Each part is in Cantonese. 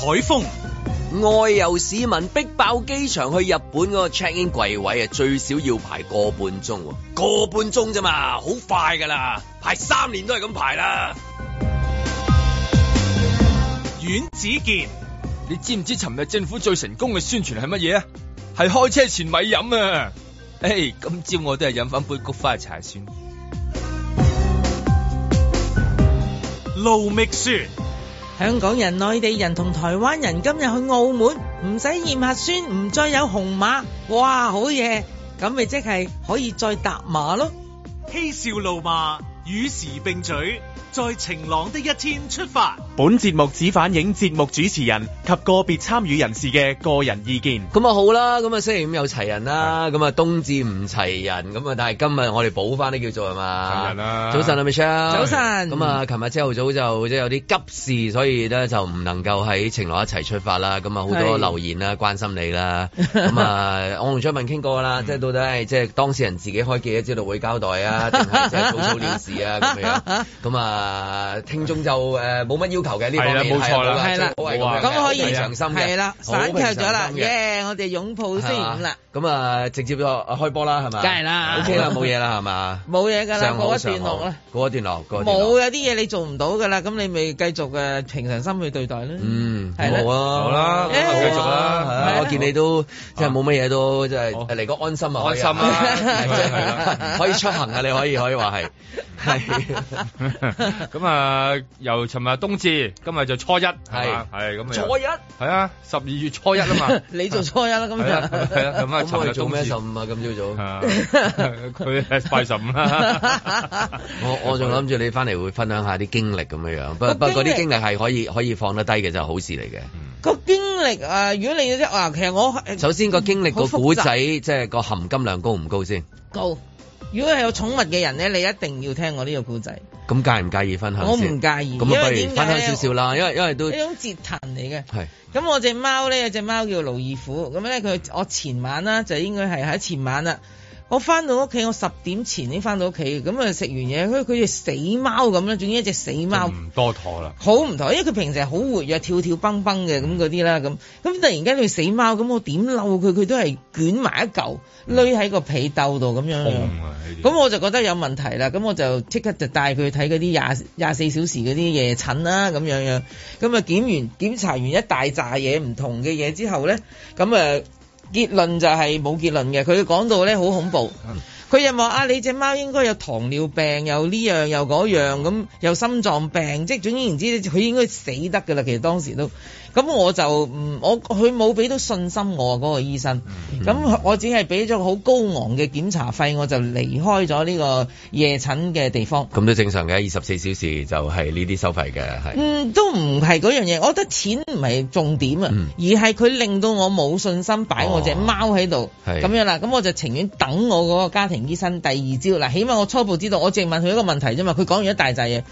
海風，外遊市民逼爆機場，去日本嗰個 check in 櫃位啊，最少要排個半鐘，個半鐘咋嘛，好快噶啦，排三年都係咁排啦。阮子健，你知唔知尋日政府最成功嘅宣傳係乜嘢啊？係開車前咪飲啊！誒，hey，今朝我都係飲翻杯菊花茶先。盧覓雪。香港人、內地人同台灣人今日去澳門，唔使驗核酸，唔再有紅碼，哇！好嘢，咁咪即係可以再搭馬咯。嬉笑怒罵與時並舉。在晴朗的一天出發。本節目只反映節目主持人及個別參與人士嘅個人意見。咁啊好啦，咁啊雖然有齊人啦，咁啊的冬至唔齊人，咁啊但係今日我哋補翻啲叫做係嘛？人早晨安啦，elle 早晨啊 Michelle。的昨早晨。咁啊，琴日朝頭早就即係有啲急事，所以咧就唔能夠喺晴朗一齊出發啦。咁啊好多留言啦，的關心你啦。咁啊， 我同張文傾過啦， 即係到底係即係當事人自己開記者招待會交代啊，定係即係草草了事啊咁樣。咁啊 ～誒聽眾就誒冇乜要求嘅呢個，係啦冇錯啦，係啦冇錯啦，咁可以平常心，係啦，散卻咗啦，耶！我哋擁抱先咁啦。咁啊，直接就開波啦，係咪？梗係啦，OK 啦，冇嘢啦，係嘛？冇嘢㗎啦，上學上學啦，告一段落，過冇有啲嘢你做唔到㗎啦，咁你咪繼續嘅平常心去對待啦。嗯，係好啊，好啦，咁啊繼續啦。我見你都即係冇乜嘢都即係嚟個安心啊，開心啊，即係可以出行啊，你可以可以話係係。咁啊，由尋日冬至，今日就初一係嘛？係咁，初一係啊，十二月初一啊嘛。你做初一啦，今日係啦。咁啊，尋日做咩十五啊？今朝早，佢拜十五啦。我我仲諗住你翻嚟會分享下啲經歷咁嘅樣，不不過啲經歷係可以可以放得低嘅，就係好事嚟嘅。個經歷啊，如果你即係啊，其實我首先個經歷個古仔，即係個含金量高唔高先？高。如果係有寵物嘅人咧，你一定要聽我呢個古仔。咁介唔介意分享？我唔介意。咁啊，不如分享少少啦，因為因為都一種折騰嚟嘅。係。咁我隻貓咧，有隻貓叫盧二虎。咁咧，佢我前晚啦，就應該係喺前晚啦。我翻到屋企，我十點前先翻到屋企，咁啊食完嘢，佢佢隻死貓咁啦，仲要一隻死貓，唔多妥啦，好唔妥，因為佢平時好活躍，跳跳蹦蹦嘅咁嗰啲啦，咁、嗯、咁、嗯、突然間佢死貓，咁、嗯、我點嬲佢，佢都係捲埋一嚿，匿喺個被竇度咁樣咁、嗯啊嗯、我就覺得有問題啦，咁、嗯、我就即刻就帶佢去睇嗰啲廿廿四小時嗰啲夜診啦，咁樣樣，咁啊檢完檢查完一大扎嘢唔同嘅嘢之後咧，咁、嗯、啊。嗯結論就係冇結論嘅，佢講到咧好恐怖，佢又話啊你隻貓應該有糖尿病，又呢樣又嗰樣咁又心臟病，即係總之言之，佢應該死得㗎啦。其實當時都。咁我就唔我佢冇俾到信心我嗰、嗰個醫生，咁、嗯、我只係俾咗好高昂嘅檢查費，我就離開咗呢個夜診嘅地方。咁都正常嘅，二十四小時就係呢啲收費嘅，係。嗯，都唔係嗰樣嘢，我覺得錢唔係重點啊，嗯、而係佢令到我冇信心擺我隻貓喺度，咁、哦、樣啦。咁是我就情願等我嗰個家庭醫生第二朝啦。起碼我初步知道，我淨問佢一個問題啫嘛。佢講完一大扎嘢，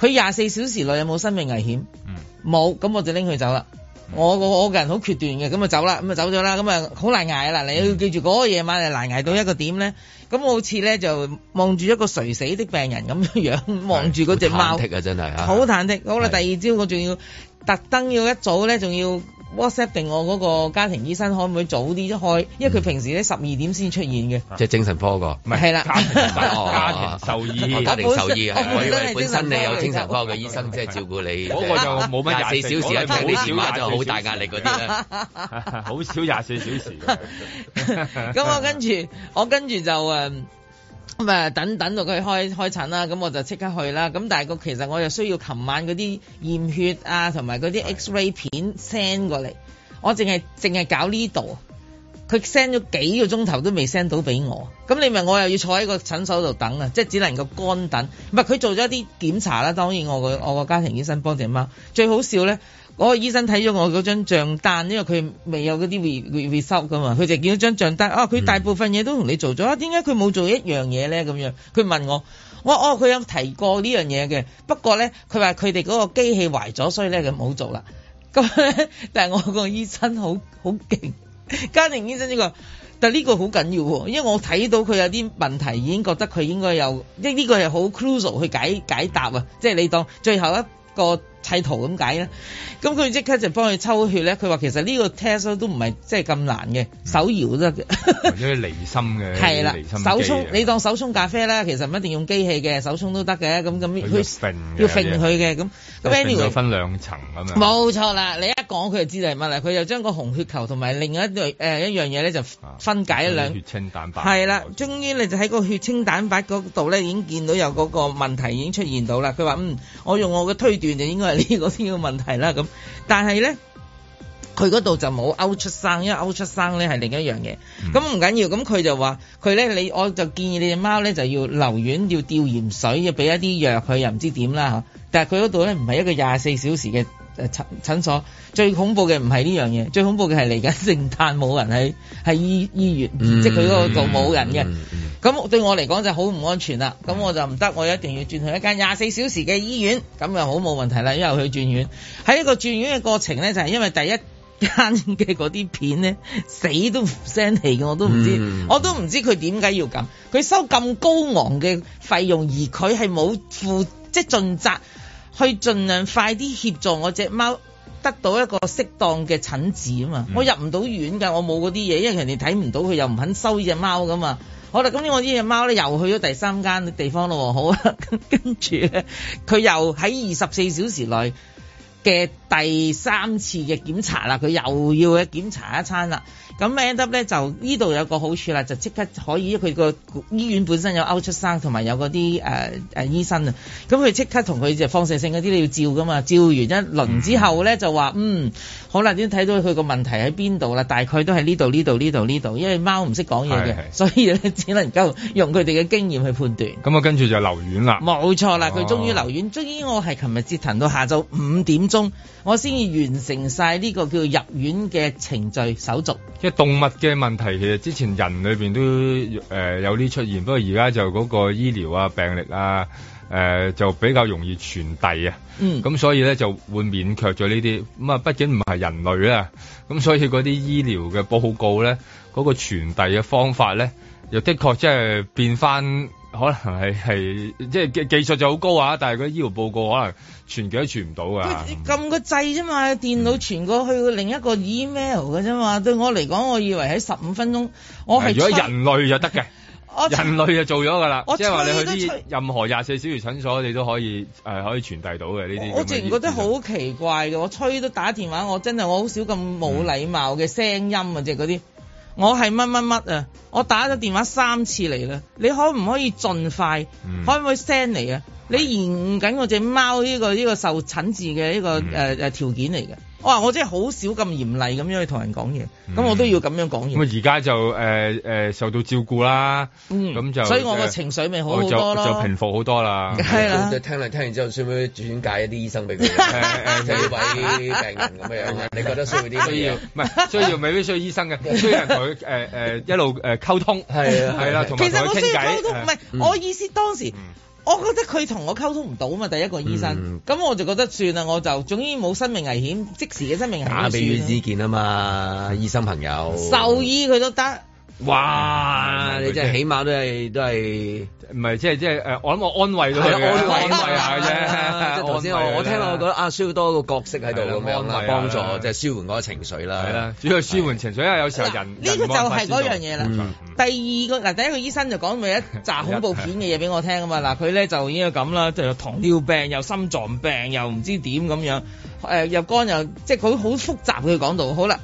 佢廿四小時內有冇生命危險？嗯冇，咁我就拎佢走啦。我個我個人好決斷嘅，咁就走啦，咁就走咗啦，咁啊好難挨啦。你要記住嗰、嗯、個夜晚係難挨到一個點咧，咁是我好似咧就望住一個垂死的病人咁樣望住嗰隻貓，好忐忑啊，真係啊，好忐忑。好啦，第二朝我仲要是特登要一早咧，仲要。WhatsApp 定我嗰個家庭醫生可唔可以早啲開？因為佢平時咧十二點先出現嘅。即係精神科個，係啦，家庭家庭獸醫，家庭獸醫係，本身你有精神科嘅醫生即係照顧你。嗰個就冇乜廿四小時，即係啲電話就好大壓力嗰啲咧，好少廿四小時。咁我跟住，我跟住就咁誒等等到佢開開診啦，咁我就即刻去啦。咁但係個其實我又需要琴晚嗰啲驗血啊，同埋嗰啲 X-ray 片 send 過嚟，的我淨係淨係搞呢度，佢 send 咗幾個鐘頭都未 send 到俾我。咁你咪我又要坐喺個診所度等啊，即係只能夠乾等。唔係佢做咗一啲檢查啦，當然我個我個家庭醫生幫住貓。最好笑咧～我個醫生睇咗我嗰張帳單，因為佢未有嗰啲 re re result 噶嘛，佢就見到張帳單，啊佢大部分嘢都同你做咗，點解佢冇做一樣嘢咧？咁樣佢問我，我話哦佢有提過呢樣嘢嘅，不過咧佢話佢哋嗰個機器壞咗，所以咧就冇做啦。咁咧，但係我個醫生好好勁，家庭醫生呢個，但呢個好緊要喎，因為我睇到佢有啲問題，已經覺得佢應該有，即係呢個係好 crucial 去解解答啊，即係你當最後一個。睇圖咁解咧，咁佢即刻就幫佢抽血咧。佢話其實呢個 test 都唔係即係咁難嘅，嗯、手搖都得。或者離心嘅，係啦的，手衝沖的你當手衝咖啡啦，其實唔一定用機器嘅，手衝都得嘅。咁咁要揈佢嘅，咁咁 anyway 分兩層啊嘛。冇錯啦，你一講佢就知係乜啦。佢又將個紅血球同埋另一一樣嘢咧、呃、就分解兩、啊就是、血清蛋白的。係啦的，終於你就喺個血清蛋白嗰度咧已經見到有嗰個問題已經出現到啦。佢話嗯，我用我嘅推斷就應該係。嗰啲嘅問題啦，咁但係咧，佢嗰度就冇勾出生，因為勾出生咧係另一樣嘢，咁唔緊要，咁佢就話佢咧，你我就建議你隻貓咧就要留院，要吊鹽水，要俾一啲藥，佢又唔知點啦吓，但係佢嗰度咧唔係一個廿四小時嘅。誒診診所最恐怖嘅唔係呢樣嘢，最恐怖嘅係嚟緊聖誕冇人喺喺醫，醫院，嗯、即係佢嗰度冇人嘅。咁、嗯、對我嚟講就好唔安全啦。咁我就唔得，我一定要轉去一間廿四小時嘅醫院，咁又好冇問題啦。因為佢轉院喺一個轉院嘅過程咧，就係、是、因為第一間嘅嗰啲片咧死都唔聲氣嘅，我都唔知，嗯、我都唔知佢點解要咁，佢收咁高昂嘅費用，而佢係冇負即係盡責。去盡量快啲協助我隻貓得到一個適當嘅診治啊嘛！嗯、我入唔到院㗎，我冇嗰啲嘢，因為人哋睇唔到佢又唔肯收呢隻貓㗎嘛。好啦，咁呢我呢隻貓咧又去咗第三間地方咯，好啊，跟住呢，佢又喺二十四小時內嘅第三次嘅檢查啦，佢又要去檢查一餐啦。咁 end up 咧就呢度有個好處啦，就即刻可以佢個醫院本身有 ultrasound 同埋有嗰啲誒誒醫生啊，咁佢即刻同佢就放射性嗰啲要照㗎嘛，照完一輪之後咧就話嗯，好啦，已經睇到佢個問題喺邊度啦，大概都係呢度呢度呢度呢度，因為貓唔識講嘢嘅，是是所以咧只能夠用佢哋嘅經驗去判斷。咁啊，跟住就留院啦。冇錯啦，佢終於留院，哦、終於我係琴日折騰到下晝五點鐘。我先要完成晒呢個叫入院嘅程序手續。即係動物嘅問題，其實之前人裏邊都誒有啲出現，不過而家就嗰個醫療啊、病歷啊，誒、呃、就比較容易傳遞啊。嗯，咁所以咧就會勉強咗呢啲。咁啊，畢竟唔係人類啊，咁所以嗰啲醫療嘅報告咧，嗰、嗰個傳遞嘅方法咧，又的確即係變翻。可能係係即係技技術就好高啊，但係佢啲醫療報告可能全傳幾都傳唔到噶。撳、嗯、個掣啫嘛，電腦傳過去另一個 email 嘅啫嘛。對我嚟講，我以為喺十五分鐘我係，我係如果人類就得嘅，我人類就做咗噶啦。即係話你去啲任何廿四小時診所，你都可以誒、呃、可以傳遞到嘅呢啲。我直然覺得好奇怪嘅，我吹都打電話，我真係我好少咁冇禮貌嘅聲音啊，即係嗰啲。我係乜乜乜啊！我打咗電話三次嚟啦，你可唔可以盡快，嗯、可唔可以 send 嚟啊？你嚴緊我隻貓呢個呢個受診治嘅呢個誒誒條件嚟嘅。哇我真係好少咁嚴厲咁樣去同人講嘢，咁我都要咁樣講嘢，咁而家就誒誒受到照顧啦，咁就所以我個情緒咪好好多咯。就平復好多啦。係啦，就聽嚟聽完之後算唔算轉介一啲醫生俾佢？就呢位病人咁樣你覺得需要啲咩嘢？需要唔係需要未必需要醫生嘅，需要人同佢誒誒一路誒溝通。係啊，係啦，同佢傾偈。其實我需要溝通，唔係我意思當時我覺得佢同我溝通唔到啊嘛，第一個醫生，咁、嗯、我就覺得算啦，我就總之冇生命危險，即時嘅生命危險算啦。打俾於志健啊嘛，醫生朋友。獸醫佢都得。哇！你真係起碼都係都係唔係？即係即係誒！我諗我安慰到佢嘅，安慰下啫。頭先我我聽到我覺得啊，需要多個角色喺度咁樣幫助，即係舒緩嗰個情緒啦。係啦，主要係舒緩情緒，因為有時候人呢個就係嗰樣嘢啦。第二個嗱，第一個醫生就講咪一集恐怖片嘅嘢俾我聽啊嘛。嗱，佢咧就已經咁啦，又糖尿病又心臟病又唔知點咁樣誒，又肝又即係佢好複雜。佢講到好啦。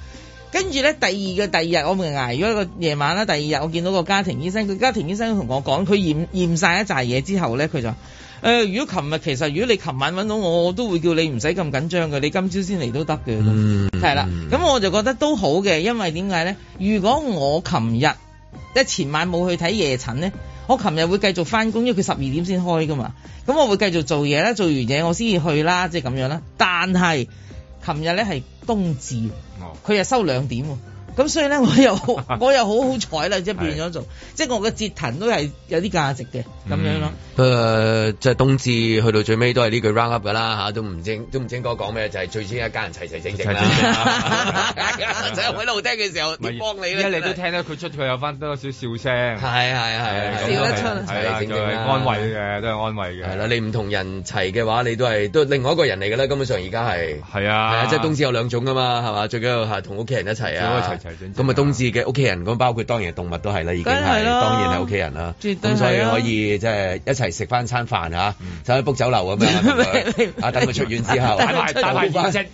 跟住咧，第二嘅第二日，我咪挨咗一個夜晚啦。第二日我，我見到個家庭醫生，個家庭醫生同我講，佢驗驗晒一紮嘢之後咧，佢就誒、呃、如果琴日其實如果你琴晚搵到我，我都會叫你唔使咁緊張嘅，你今朝先嚟都得嘅。嗯，係啦，咁我就覺得都好嘅，因為點解咧？如果我琴日即前晚冇去睇夜診咧，我琴日會繼續翻工，因為佢十二點先開噶嘛。咁我會繼續做嘢咧，做完嘢我先至去啦，即係咁樣啦。但係琴日咧係。冬至哦，佢係收兩點。咁所以咧，我又我又好好彩啦，即係變咗做，即係我嘅折騰都係有啲價值嘅咁樣咯。誒，即係冬至去到最尾都係呢句 round up 噶啦嚇，都唔知都唔知，應該講咩？就係最先一家人齊齊整整啦。大家喺度聽嘅時候，咪幫你咧。你都聽得佢出，佢有翻多少笑聲。係係係。笑得出，係啊，係，安慰嘅，都係安慰嘅。係啦，你唔同人齊嘅話，你都係都另外一個人嚟嘅啦。根本上而家係係啊，即係冬至有兩種噶嘛，係嘛？最緊要係同屋企人一齊啊！咁啊冬至嘅屋企人咁，包括當然動物都係啦，已經係當然係屋企人啦。咁所以可以即係一齊食翻餐飯嚇，走去 book 酒樓咁樣。啊，等佢出院之後，大排筵席，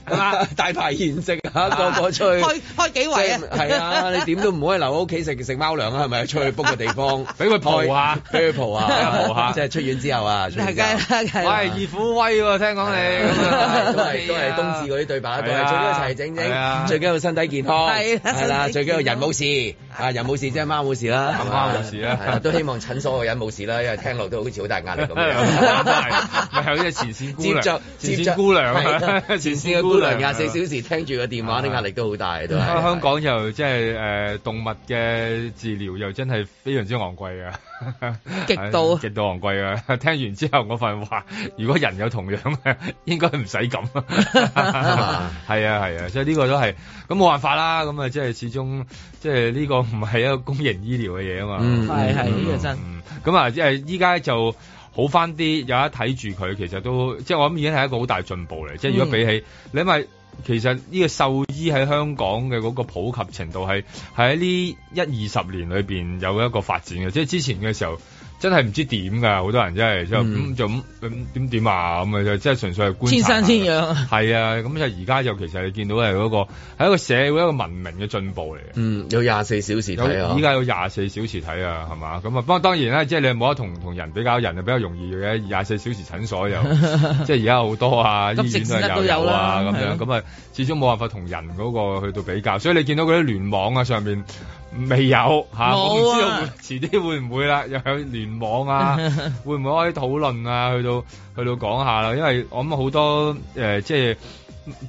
大排筵席啊，個個出去開開幾圍啊！係啊，你點都唔可以留喺屋企食食貓糧啊，係咪？出去 book 個地方，俾佢蒲下，俾佢蒲下，即係出院之後啊！梗係啦，喂，二虎威喎，聽講你都係都係冬至嗰啲對白，最緊要齊齊整整，最緊要身體健康。係啦，最緊要人冇事，啊人冇事即係貓冇事啦，阿媽冇事啦，都希望診所嘅人冇事啦，因為聽落都好似好大壓力咁樣。咪係呢個前線姑娘，前線姑娘，前線嘅姑娘廿四小時聽住個電話，啲壓力都好大都係。香港又即係誒動物嘅治療又真係非常之昂貴啊！極度，極、啊、度昂貴啊！聽完之後我份話，如果人有同樣嘅，應該唔使咁。係啊係啊，即係呢個都係，咁冇辦法啦。咁啊，即係始終，即係呢個唔係一個公營醫療嘅嘢啊嘛。係係呢個真。咁啊，即係依家就好翻啲，有一睇住佢，其實都即係、就是、我諗已經係一個好大進步嚟。即係、嗯、如果比起你咪。其實呢個獸醫喺香港嘅嗰個普及程度係係喺呢一二十年裏邊有一個發展嘅，即係之前嘅時候。真係唔知點㗎，好多人真、就、係、是，就咁咁點點啊，咁啊、嗯、就即係、嗯嗯就是、純粹係觀察。天生天養。係啊，咁就而家就其實你見到係嗰、嗰個，係一個社會一個文明嘅進步嚟。嗯，有廿四小時睇啊。依家有廿四小時睇啊，係嘛？咁啊，不過當然啦，即、就、係、是、你冇得同同人比較，人啊比較容易嘅廿四小時診所有， 即係而家好多啊， 醫院都有，有啊，咁樣咁啊，始終冇辦法同人嗰個去到比較，所以你見到嗰啲聯網啊上面。未有吓，我唔知啊，遲啲、啊、會唔會啦？又有聯網啊， 會唔會可以討論啊？去到去到講下啦，因為我諗好多誒、呃，即係。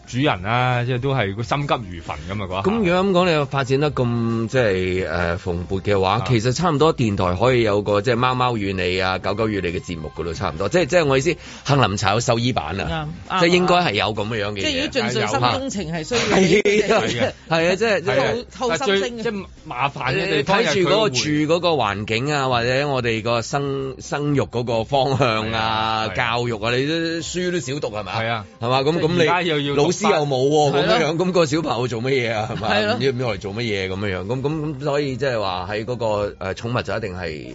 主人啊，即係都係心急如焚咁啊！咁如果咁講，你發展得咁即係誒蓬勃嘅話，其實差唔多電台可以有個即係貓貓與你啊、狗狗與你嘅節目嘅咯，差唔多。即係即係我意思，杏林茶有獸醫版啊，即係應該係有咁樣嘅。即係如果盡信新工程係需要，係啊，即係透心即係麻煩你睇住嗰個住嗰個環境啊，或者我哋個生生育嗰個方向啊、教育啊，你都書都少讀係嘛？係啊，係嘛？咁咁你而家又要？老師又冇喎，咁是的 樣樣咁、咁個小朋友做乜嘢啊？係咪是的、啊？要唔要嚟做乜嘢？咁樣樣咁咁咁，所以即係話喺嗰個誒、呃、寵物就一定係。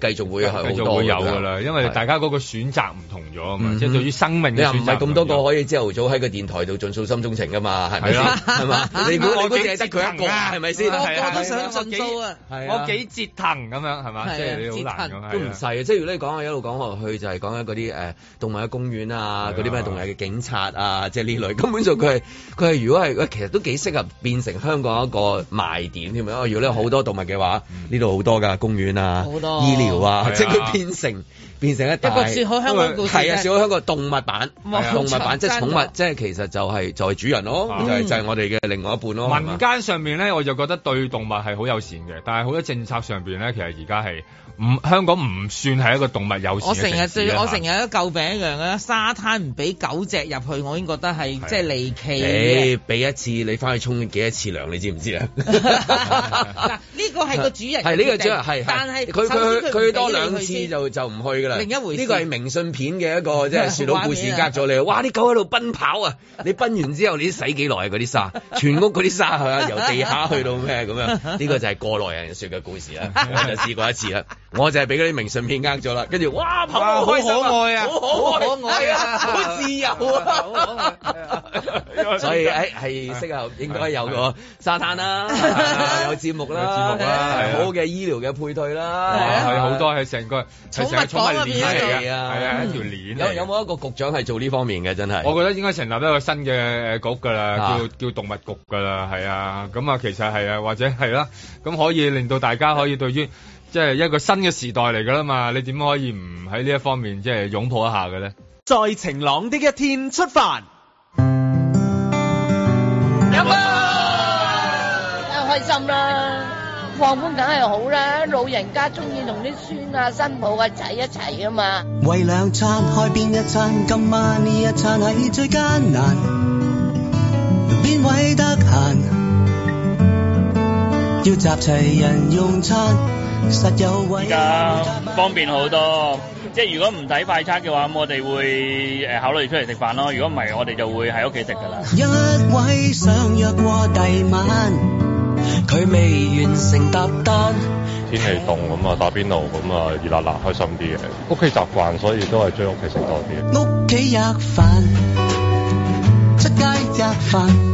繼續會有好多噶啦，因為大家嗰個選擇唔同咗啊嘛。即係對於生命你唔係咁多個可以朝頭早喺個電台度盡訴心中情噶嘛。係咪？係嘛？你估我淨係得佢一個，係咪先？我都想盡訴啊！我幾折騰咁樣係嘛？即係你好難嘅，都唔細啊！即係如果你講，一路講落去就係講緊嗰啲誒動物嘅公園啊，嗰啲咩動物嘅警察啊，即係呢類根本上佢佢係如果係其實都幾適合變成香港一個賣點添啊！如果好多動物嘅話，呢度好多噶公園啊，好多。條啊，即係佢變成、啊、變成一大一個說好香港故事，就是，係啊說好香港動物版，啊、動物版是、啊、即係寵物，即係、啊、其實就係就係主人咯，啊、就係就係我哋嘅另外一半咯。啊、嗎民間上面咧，我就覺得對動物係好友善嘅，但係好多政策上邊咧，其實而家係。唔，香港唔算係一個動物友善。我成日最，我成日都舊病一樣啦，沙灘唔俾狗隻入去，我已經覺得係即係離奇。俾一次你翻去沖幾多次涼，你知唔知啊？嗱，呢個係個主人係呢個主人，係。但係佢，佢多兩次就就唔去㗎啦。另一回事，呢個係明信片嘅一個即係雪佬故事隔咗你。哇！啲狗喺度奔跑啊！你奔完之後你洗幾耐嗰啲沙，全屋嗰啲沙係啊，由地下去到咩咁樣？呢個就係過來人説嘅故事啦，我就試過一次啦。我就係俾嗰啲明信片呃咗啦，跟住哇，好可愛啊，好可愛啊，好自由啊，所以誒係適合應該有個沙灘啦，有節目啦，節目啦，係好嘅醫療嘅配對啦，係好多係成個寵物寵物鏈嚟嘅，係啊一條鏈啊，有冇一個局長係做呢方面嘅真係？我覺得應該成立一個新嘅局㗎啦，叫叫動物局㗎啦，係啊，咁啊其實係啊，或者係啦，咁可以令到大家可以對於。即係一個新嘅時代嚟噶啦嘛，你點可以唔喺呢一方面即係擁抱一下嘅咧？在晴朗的一天出發，有吧啊！開心啦、啊，放風梗係好啦、啊，老人家中意同啲孫啊、新抱啊仔一齊啊嘛。為兩餐開邊一餐，今晚呢一餐係最艱難，邊位得閒？要集齊人用餐。依家方便好多，即係如果唔使快餐嘅話，咁我哋會誒考慮出嚟食飯咯。如果唔係，我哋就會喺屋企食噶啦。一位想約過第晚，佢未完成搭單。天氣凍咁啊，打邊爐咁啊，熱辣辣，開心啲嘅。屋企習慣，所以都係追屋企食多啲。屋企食飯，出街食飯。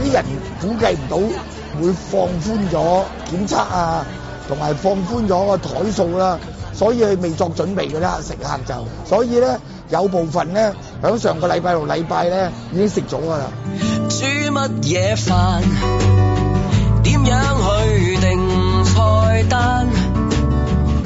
啲人估計唔到會放寬咗檢測啊，同埋放寬咗個台數啦，所以佢未作準備嘅咧食客就，所以咧有部分咧響上個禮拜六禮拜咧已經食咗噶啦。煮乜嘢飯？點樣去定菜單？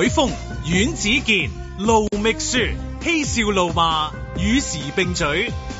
海峰、阮子健、盧覓雪，嬉笑怒罵。與時並進，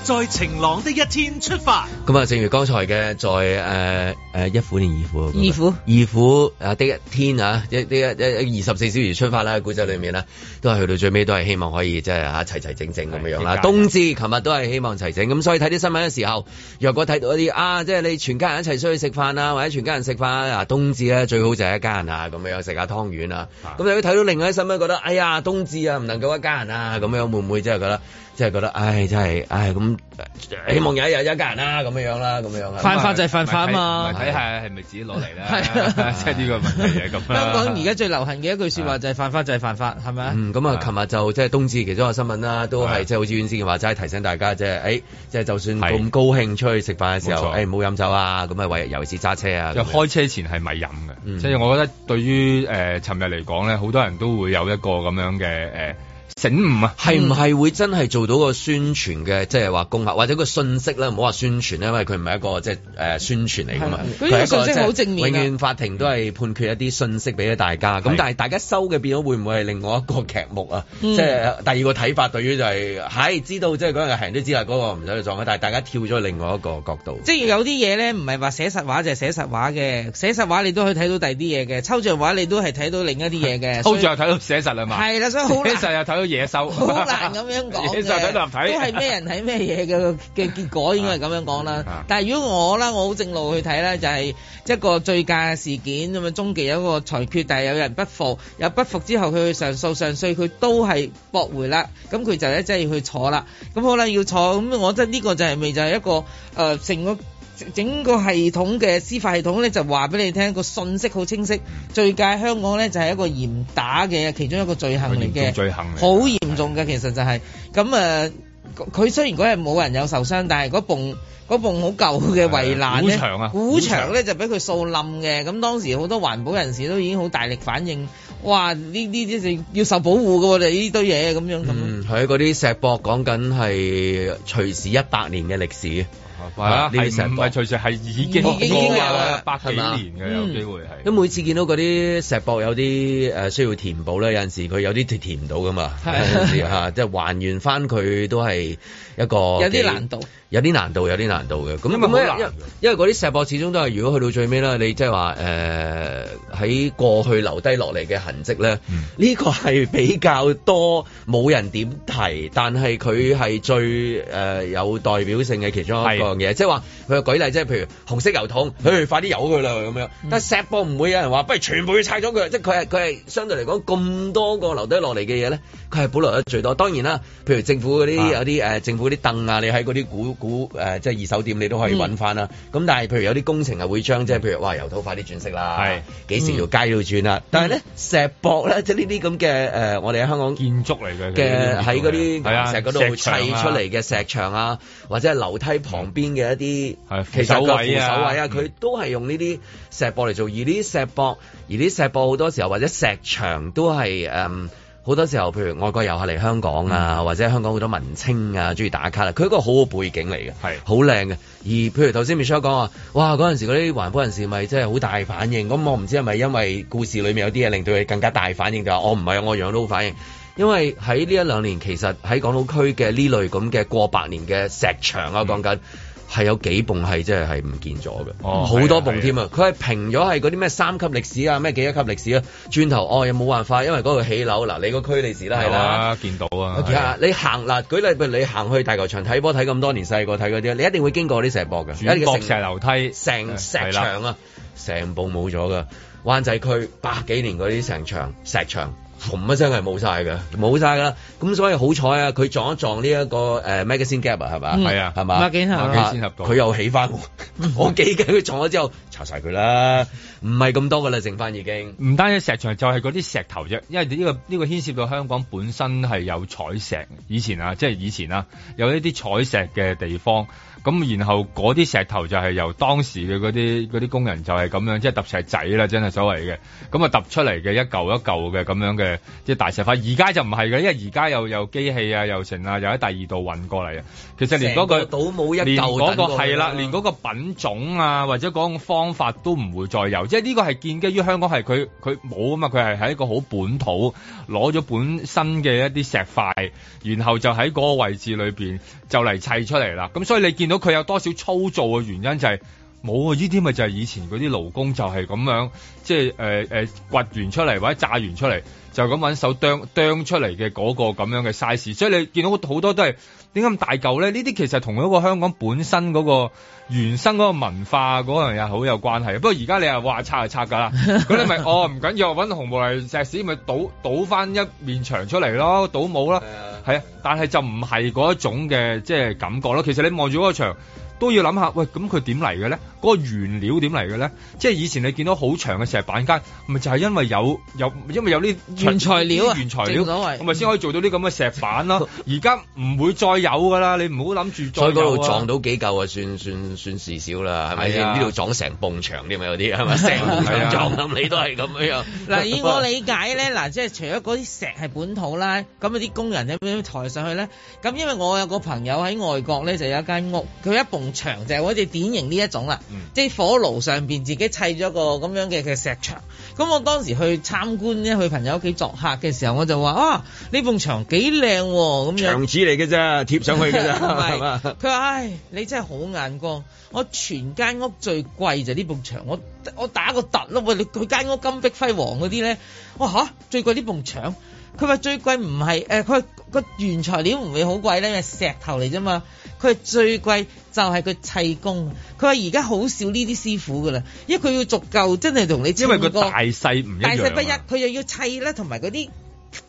在晴朗的一天出發。咁啊，正如剛才嘅，在誒誒、呃、一虎年二虎。二虎二虎誒的一天啊，呢呢呢二十四小時出發啦！喺古仔裏面咧，都係去到最尾都係希望可以即係啊齊齊整整咁樣啦。的冬至，琴日都係希望齊整，咁所以睇啲新聞嘅時候，若果睇到一啲啊，即、就、係、是、你全家人一齊出去食飯啊，或者全家人食飯，啊，冬至咧最好就係一家人啊咁樣食下湯圓啊。咁的如果睇到另外啲新聞，覺得哎呀冬至啊唔能夠一家人啊咁樣，會唔會即係覺得？即係覺得，唉，真係，唉，咁希望有一日一家人啦，咁樣樣啦，咁樣犯法就係犯法啊嘛，係係係，咪自己攞嚟啦，係，即係呢個問題係咁。香港而家最流行嘅一句説話就係犯法就係犯法，係咪？咁啊，琴日就即係冬至，其中嘅新聞啦，都係即係好似遠志嘅話齋，提醒大家即係，唉，即係就算咁高興出去食飯嘅時候，唉，唔好飲酒啊，咁啊，為尤其是揸車啊。就開車前係咪飲嘅？即係我覺得對於誒尋日嚟講咧，好多人都會有一個咁樣嘅誒。醒悟啊，係唔係會真係做到個宣傳嘅，即係話功效，或者個信息咧，唔好話宣傳咧，因為佢唔係一個即係誒宣傳嚟噶嘛，佢的一好正面，永遠法庭都係判決一啲信息俾咗大家，咁的但係大家收嘅變咗會唔會係另外一個劇目啊？嗯、即係第二個睇法對於，就是，對於就係，係知道即係嗰日行人都知啦，嗰個唔使去撞，但係大家跳咗去另外一個角度，即係有啲嘢咧唔係話寫，就是、實畫就係寫實畫嘅，寫實畫你都可以睇到第二啲嘢嘅，抽象畫你都係睇到另一啲嘢嘅，抽象睇到寫實，係嘛？係啦，所以好寫實又睇到。野獸好難咁樣講，野睇睇，都係咩人睇咩嘢嘅嘅結果，應該係咁樣講啦。但係如果我啦，我好正路去睇啦，就係、是、一個醉駕事件咁啊，終極有一個裁決，但係有人不服，有不服之後佢去上訴上訴，佢都係駁回啦。咁佢就一真要去坐啦。咁好啦，要坐咁，我覺得呢個就係咪就係一個誒成、呃、個。整個系統嘅司法系統咧就話俾你聽，那個信息好清晰，罪界香港咧就係一個嚴打嘅其中一個罪行嚟嘅，嚴重罪行嚟嘅，好嚴重嘅其實就係咁啊！佢的、呃、雖然嗰日冇人有受傷，但係嗰埲嗰埲好舊嘅圍欄咧，牆啊，古牆咧就俾佢掃冧嘅。咁當時好多環保人士都已經好大力反應，哇！呢呢啲要受保護㗎喎，就呢堆嘢咁樣咁。喺嗰啲石博講緊係隨時一百年嘅歷史。係啊，你唔係隨石係已經已經百是吧有百幾年嘅有機會係咁、嗯、每次見到嗰啲石博有啲誒需要填補咧，有陣時佢有啲填唔到噶嘛。係啊的，即係 還原翻佢都係。一個有啲難，難度，有啲難度，有啲難度嘅。咁因為嗰啲石壆始終都係如果去到最尾啦，你即係話誒喺過去留低落嚟嘅痕跡咧，呢、嗯、個係比較多冇人點提，但係佢係最誒、呃、有代表性嘅其中一個嘢。是即係話佢個舉例，即係譬如紅色油桶，佢、嗯、快啲油佢啦咁樣。嗯、但石壆唔會有人話，不如全部要拆咗佢。即係佢係佢係相對嚟講咁多個留低落嚟嘅嘢咧，佢係保留得最多。當然啦，譬如政府嗰啲的有啲、呃、政府。啲凳啊，你喺嗰啲古古誒，即係二手店，你都可以揾翻啦。咁、嗯、但係，譬如有啲工程啊，會將即係譬如哇，由土快啲轉色啦，幾成條街都要轉啦。嗯、但係咧，石磚咧，即係呢啲咁嘅誒，我哋喺香港建築嚟嘅嘅，喺嗰啲岩石嗰度砌出嚟嘅石牆啊，牆啊或者係樓梯旁邊嘅一啲其實扶手位啊，佢、啊嗯、都係用呢啲石磚嚟做。而呢啲石磚，而呢啲石磚好多時候或者石牆都係誒。嗯好多時候，譬如外國遊客嚟香港啊，或者香港好多文青啊，中意打卡啦。佢係一個好好背景嚟嘅，係好靚嘅。而譬如頭先 Michelle 講話，哇！嗰時嗰啲環保人士咪真係好大反應。咁我唔知係咪因為故事裏面有啲嘢令到佢更加大反應，㗎、哦。我唔係我樣都反應。因為喺呢一兩年，其實喺港島區嘅呢類咁嘅過百年嘅石牆啊，講緊、嗯。係有幾棟係真係係唔見咗嘅，好、哦、多棟添啊！佢係、啊、平咗係嗰啲咩三級歷史啊，咩幾多級歷史啊？轉頭哦，有冇辦法，因為嗰度起樓嗱，你個區歷史都係啦、啊，見到啊！你行嗱、啊，舉例譬如你行去大球場睇波睇咁多年，細個睇嗰啲，你一定會經過啲石博嘅，一啲石樓梯、成石牆啊，成、啊啊、部冇咗嘅灣仔區百幾年嗰啲石牆、石牆。嘭一聲係冇晒嘅，冇曬啦。咁所以好彩啊，佢撞一撞呢一個誒 magazine gap 係嘛？係、嗯、啊，係嘛吧？麥健行，佢又起翻喎。 我記緊佢撞咗之後，查晒佢啦。唔係咁多噶啦，剩翻已經。唔單止石場，就係嗰啲石頭啫。因為呢個呢個牽涉到香港本身係有採石，以前啊，即係以前啊，有一啲採石嘅地方。咁，然後嗰啲石頭就係由當時嘅嗰啲嗰啲工人就係咁樣，即係揼石仔啦，真係所謂嘅。咁啊揼出嚟嘅一嚿一嚿嘅咁樣嘅即係大石塊。而家就唔係嘅，因為而家又有機器啊，又成啊，又喺第二度運過嚟啊。其實連嗰個島冇一嚿，連嗰個係啦，連嗰個品種啊，或者嗰個方法都唔會再有。即係呢個係建基於香港係佢佢冇啊嘛，佢係喺一個好本土攞咗本身嘅一啲石塊，然後就喺嗰個位置裏面就嚟砌出嚟啦。咁所以你見。如佢有多少粗糙嘅原因就係冇啊，呢啲咪就係以前嗰啲勞工就係咁樣，即係誒誒掘完出嚟或者炸完出嚟就咁揾手啄啄出嚟嘅嗰個咁樣嘅 size，所以你見到好多都係點解咁大嚿咧？呢啲其實同一個香港本身嗰、嗰個。原生嗰個文化嗰樣又好有關係，不過而家你係話拆就拆㗎啦，咁 你咪哦唔緊要，揾紅毛嚟石屎咪倒倒翻一面牆出嚟咯，倒冇啦，係啊， 但係就唔係嗰一種嘅即係感覺咯，其實你望住嗰個牆。都要諗下，喂，咁佢點嚟嘅咧？嗰、嗰個原料點嚟嘅咧？即係以前你見到好長嘅石板間，咪就係因為有有，因為有啲原材料、啊、原材料，咁咪先可以做到啲咁嘅石板咯、啊。而家唔會再有噶啦，你唔好諗住再、啊。所以嗰度撞到幾嚿啊，算算算事少啦，係咪？呢度撞成埲牆添啊有啲係咪？成棟撞咁，你都係咁樣。嗱， 以我理解咧，嗱，即係除咗嗰啲石係本土啦，咁啊啲工人抬上去咧？咁因為我有個朋友喺外國咧，就有一間屋，佢一牆就係，我哋典型呢一種啦，即係火爐上邊自己砌咗個咁樣嘅嘅石牆。咁我當時去參觀咧，去朋友屋企作客嘅時候，我就話：，啊，呢埲牆幾靚，咁樣。牆紙嚟嘅咋，貼上去嘅咋。佢話 是吧：，唉，你真係好眼光。我全間屋最貴就呢埲牆，我我打個突咯。你佢間屋金碧輝煌嗰啲咧，我話吓、啊、最貴呢埲牆。佢話最貴唔係誒，佢、呃、個原材料唔會好貴咧，因為石頭嚟啫嘛。佢係最貴就係佢砌工。佢話而家好少呢啲師傅噶啦，因為佢要足夠真係同你，因為個大細唔一樣，大細不一，佢又要砌啦，同埋嗰啲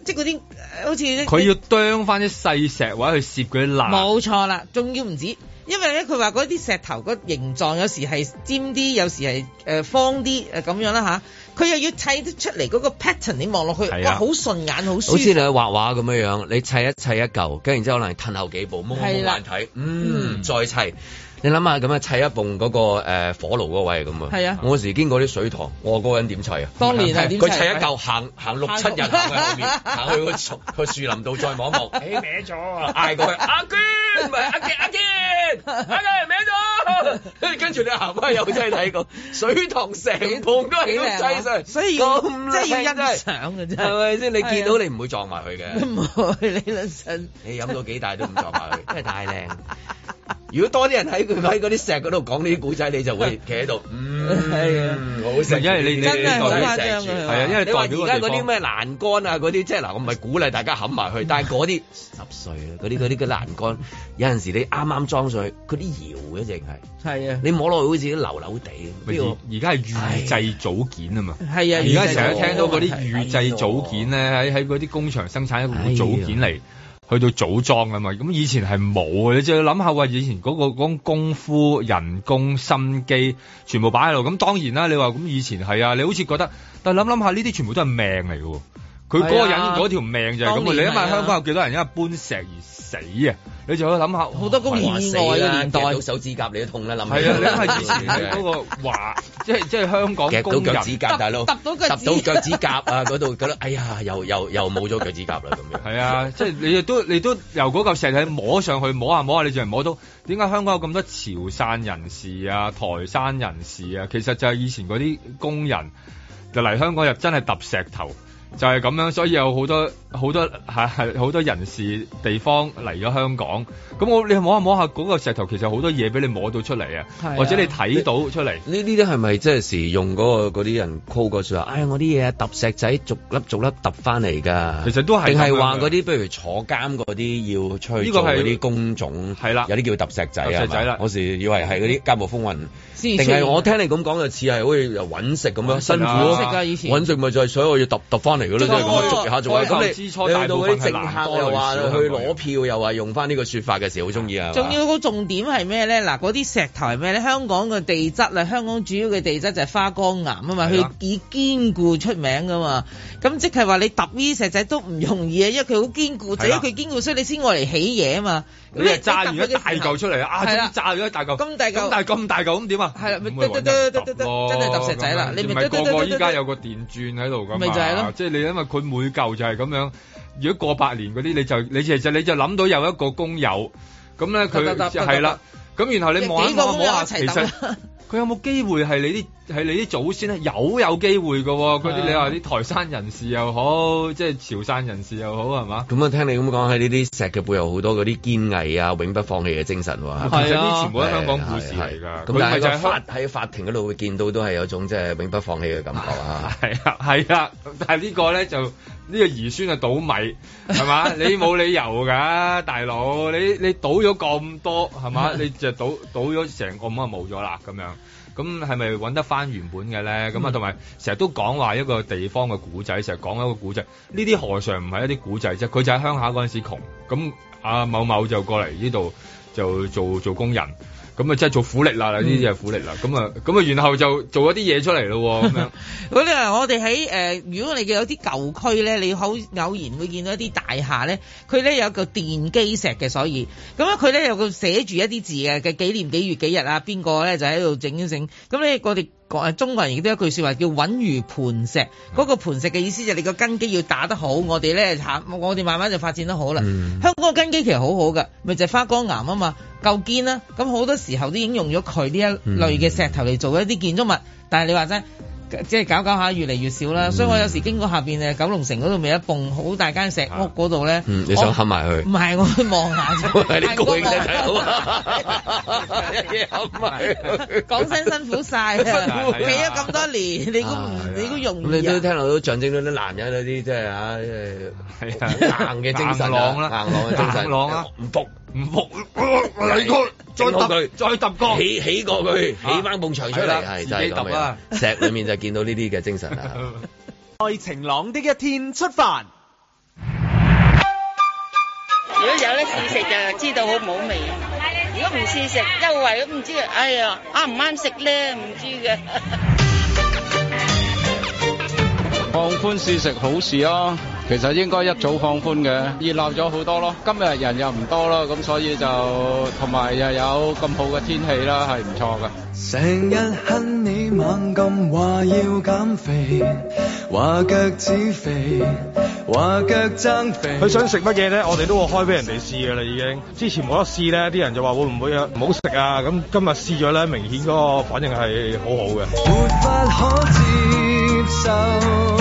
即嗰啲、呃、好似佢要啄翻啲細石位去攝嗰啲罅。冇錯啦，仲要唔止，因為咧佢話嗰啲石頭個形狀有時係尖啲，有時係誒、呃、方啲誒咁樣啦吓。啊佢又要砌得出嚟嗰個 pattern，你望落去哇，好順眼，好舒服。好似你喺畫畫咁樣樣，你砌一砌一嚿，跟然之後可能褪後幾步，慢慢睇，嗯，嗯再砌。你諗下咁啊，砌一埲嗰個誒火爐嗰位咁啊，我時經過啲水塘，我個人點砌啊？當年係，佢砌一嚿，行行六七日喺後面，行去個樹個樹林度再望望，誒，歪咗，嗌過去，阿娟唔係阿娟，阿娟，阿健歪咗，跟住你行翻去又真係睇過。水塘成埲都係咁砌上，所以要即係要欣賞嘅啫，係咪先？你見到你唔會撞埋去嘅，你諗你飲到幾大都唔撞埋去，真係大靚。如果多啲人喺佢喺嗰啲石嗰度講呢啲古仔，你就會企喺度。嗯，係啊，好正，因為你你你代表石柱，係啊，因為你代表而家嗰啲咩欄杆啊嗰啲，即係嗱，我唔係鼓勵大家冚埋去，但係嗰啲十歲啦，嗰啲嗰啲嘅欄杆，有陣時你啱啱裝上去，嗰啲搖嘅淨係。係啊，你摸落去好似啲流流地。而而家係預製組件啊嘛。係啊，而家成日聽到嗰啲預製組件咧，喺喺嗰啲工場生產一個組件嚟。去到組裝啊嘛，咁以前係冇嘅，你就要諗下喂，以前嗰個功夫、人工、心機全部擺喺度，咁當然啦，你話咁以前係啊，你好似覺得，但係諗諗下呢啲全部都係命嚟嘅。佢嗰個人嗰條命就係咁，你諗下香港有幾多人因為搬石而死啊？你仲可以諗下好多咁意外嘅年代，剪到手指甲你都痛啦！諗係啊，諗下以前嗰個話，即係即係香港嘅工人，揼到腳趾甲，大佬揼到個揼到腳趾甲啊！嗰度覺得哎呀，又又又冇咗腳趾甲啦咁樣。係啊，即係你都你都由嗰嚿石嚟摸上去摸下摸下，你仲係摸到點解香港有咁多潮汕人士啊、台山人士啊？其實就係以前嗰啲工人就嚟香港入，真係揼石頭。就係咁樣，所以有好多好多係係好多人士地方嚟咗香港。咁我你摸下摸下嗰個石頭，其實好多嘢俾你摸到出嚟啊，或者你睇到出嚟。呢呢啲係咪即係時用嗰個嗰啲人 call 過説話？唉，我啲嘢揼石仔逐粒逐粒揼翻嚟噶。其實都係定係話嗰啲，譬如坐監嗰啲要出去呢做嗰啲工種，係啦，有啲叫揼石仔。啊。仔啦，我時以為係嗰啲監獄風雲，定係我聽你咁講就似係好似又揾食咁樣辛苦。揾食揾食咪就係，所以我要揼揼翻。仲下，咁你知錯，大部分係難改。又話去攞票，又話用翻呢個説法嘅時候，好中意啊！仲要個重點係咩咧？嗱，嗰啲石頭係咩咧？香港嘅地質啊，香港主要嘅地質就係花崗岩啊嘛，佢以的堅固出名噶嘛。咁即係話你揼呢石仔都唔容易啊，因為佢好堅固就因為，佢堅固，堅固所以你先愛嚟起嘢啊嘛。你炸完一大嚿出嚟啊！啊，真炸咗一大嚿！咁大嚿，咁大咁大嚿咁點啊？係啦的，咪真係揼石仔啦！就你唔係個個，依家有個電鑽喺度咁咪就係咯，即係你因為佢每嚿就係咁樣。如果過百年嗰啲，你就你其實你就諗到有一個工友咁咧，佢係啦。咁然後你望一望下，其實佢有冇機會係你啲？係你啲祖先咧，有有機會嘅。哦。嗰啲，啊、你話啲台山人士又好，即係潮汕人士又好，係嘛？咁啊，聽你咁講，喺呢啲石嘅背後有好多嗰啲堅毅啊、永不放棄嘅精神。係啊，全部，啊、都香港故事嚟㗎。咁他但係法喺、就係、法庭嗰度會見到，都係有種即係永不放棄嘅感覺係啊！係啊，係啊，啊，但係呢個咧就呢、呢個兒孫啊賭米係嘛？ 你冇理由㗎，大佬，你你賭咗咁多係嘛？你就賭賭咗成個咁啊冇咗啦咁樣。咁係咪揾得翻原本嘅咧？咁啊，同埋成日都講話一個地方嘅古仔，成日講一個古仔。呢啲何嘗唔係一啲古仔啫，佢就喺鄉下嗰陣時窮，咁阿、啊、某某就過嚟呢度就做做工人。咁啊，即係做苦力啦，呢啲就係苦力啦。咁啊，咁啊，然後就做一啲嘢出嚟咯。咁樣，咁你話我哋喺誒，如果你有啲舊區咧，你好偶然會見到一啲大廈咧，佢咧有個奠基石嘅，所以咁樣佢咧有個寫住一啲字嘅，嘅幾年幾月幾日啊，邊個咧就喺度整一整。咁咧我哋。中國人亦都有一句說話叫穩如磐石。嗰、那個磐石嘅意思就係你個根基要打得好。我哋咧，我哋慢慢就發展得好啦。嗯、香港嘅根基其實好好噶咪就係花崗岩啊嘛，夠堅啦。咁好多時候都已經用咗佢呢一類嘅石頭嚟做一啲建築物，嗯、但係你話齋。即係搞搞下，越嚟越少啦。所以我有時經過下面誒九龍城嗰度咪一蹦好大間石屋嗰度呢。嗯，你想閂埋去？唔係，我望下先。係你高興定係點？一嘢閂埋，講聲辛苦曬，企咗咁多年，你都你都用。咁你都聽到都象徵到啲男人嗰啲即係嚇，硬嘅精神啦，硬朗嘅精神啦，唔服。唔服，嚟過，再揼佢，再揼過，起起過佢，起翻埲牆出嚟，係就係咁樣，石裏面就見到呢啲嘅精神啦。在晴朗的一天出發。如果有得試食就知道好唔好味，如果唔試食，優惠都唔知，哎呀，啱唔啱食咧，唔知嘅。放寬試食好事啊。其實應該一早放寬嘅，熱鬧咗好多咯。今日人又唔多咯，咁所以就同埋又有咁好嘅天氣啦，係唔錯嘅。成日恨你猛咁話要減肥，話腳趾肥，話腳增肥。佢想食乜嘢咧？我哋都會開俾人哋試嘅啦，已經。之前冇得試咧，啲人就話會唔會啊？唔好食啊？咁今日試咗咧，明顯嗰個反應係好好嘅。沒法可接受。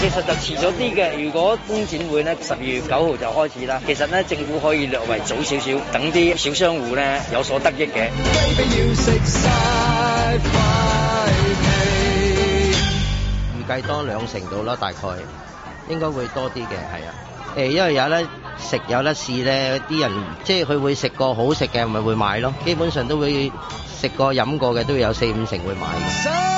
其實就遲咗啲嘅，如果工展會咧十二月九號就開始啦。其實咧政府可以略為早少少，等啲小商戶咧有所得益嘅。預計多兩成度囉，大概應該會多啲嘅，係啊。誒，因為有咧食有得試咧，啲人即係佢會食過好食嘅，咪會買咯。基本上都會食過飲過嘅，都會有四五成會買。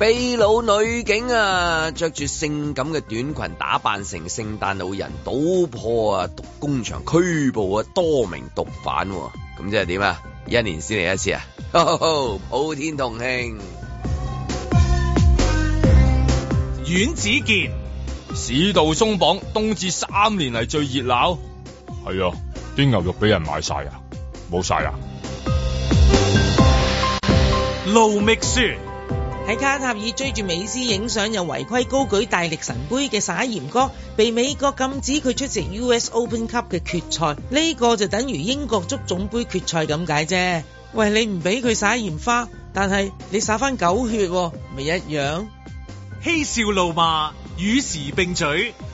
秘魯女警啊，着住性感嘅短裙，打扮成聖誕老人，搗破啊毒工場，拘捕啊多名毒販，啊，咁即係點啊？一年先嚟一次啊！哦、普天同慶。阮子健，市道鬆綁，冬至三年嚟最熱鬧。係啊，啲牛肉俾人買晒啊，冇晒啊。盧覓雪。喺卡塔爾追住美斯影相又違規高舉大力神杯嘅撒鹽哥，被美國禁止佢出席 US Open Cup 嘅決賽，呢個就等於英國足總杯決賽咁解啫。喂，你唔俾佢撒鹽花，但係你撒翻狗血，咪一樣嬉笑怒罵與時並進，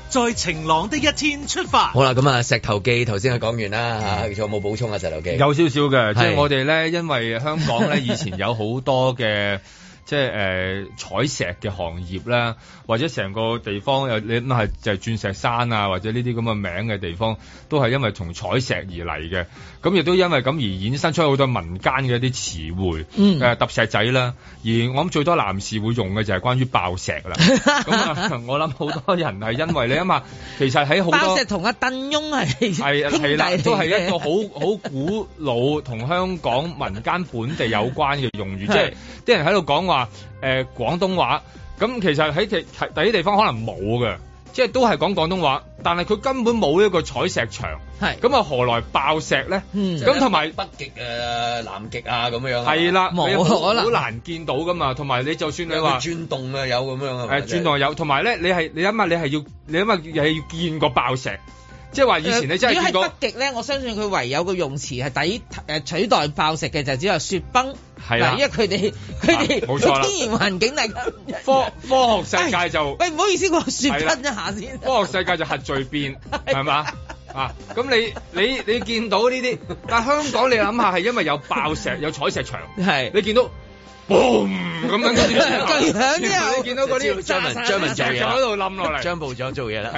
在晴朗的一天出發。好啦，咁啊石頭記頭先係講完啦吓，仲有冇補充啊石頭記？有少少嘅，即係我哋咧，因為香港咧以前有好多嘅。即係誒、呃、採石嘅行業啦，或者成個地方有你咁係就係鑽石山啊，或者呢啲咁嘅名嘅地方，都係因為從採石而嚟嘅。咁亦都因為咁而衍生出好多民間嘅一啲詞彙，誒揼石仔啦。而我諗最多男士會用嘅就係關於爆石啦。咁啊，我諗好多人係因為你啊嘛，其實喺好多爆石同阿鄧雍係係係啦，都係一個好好古老同香港民間本地有關嘅用語，即係啲人喺度講話誒廣東話。咁其實喺第啲地方可能冇嘅。即係都係講廣東話，但係佢根本冇一個採石場，係咁啊，何來爆石咧？咁同埋北極誒、啊、南極啊咁樣係係啦，冇可能好的難見到噶嘛。同埋你就算你話轉動啊，有咁樣轉誒，轉動有，同埋咧，你係你諗下，你係要你諗下，係要見過爆石，即係話以前你真係如果喺北極咧，我相信佢唯有一個用詞係抵誒取代爆石嘅，就只、是、有雪崩。係啦，因為佢哋佢哋冇錯天然環境嚟嘅。科科學世界就喂，唔好意思，我説真一下先。科學世界就核聚變係嘛啊？咁你你你見到呢啲？但香港你諗下係因為有爆石有採石場，你見到 boom 咁樣嗰啲更響啲啊！你見到嗰啲張文張文做嘢喺度冧落嚟，張部長做嘢啦。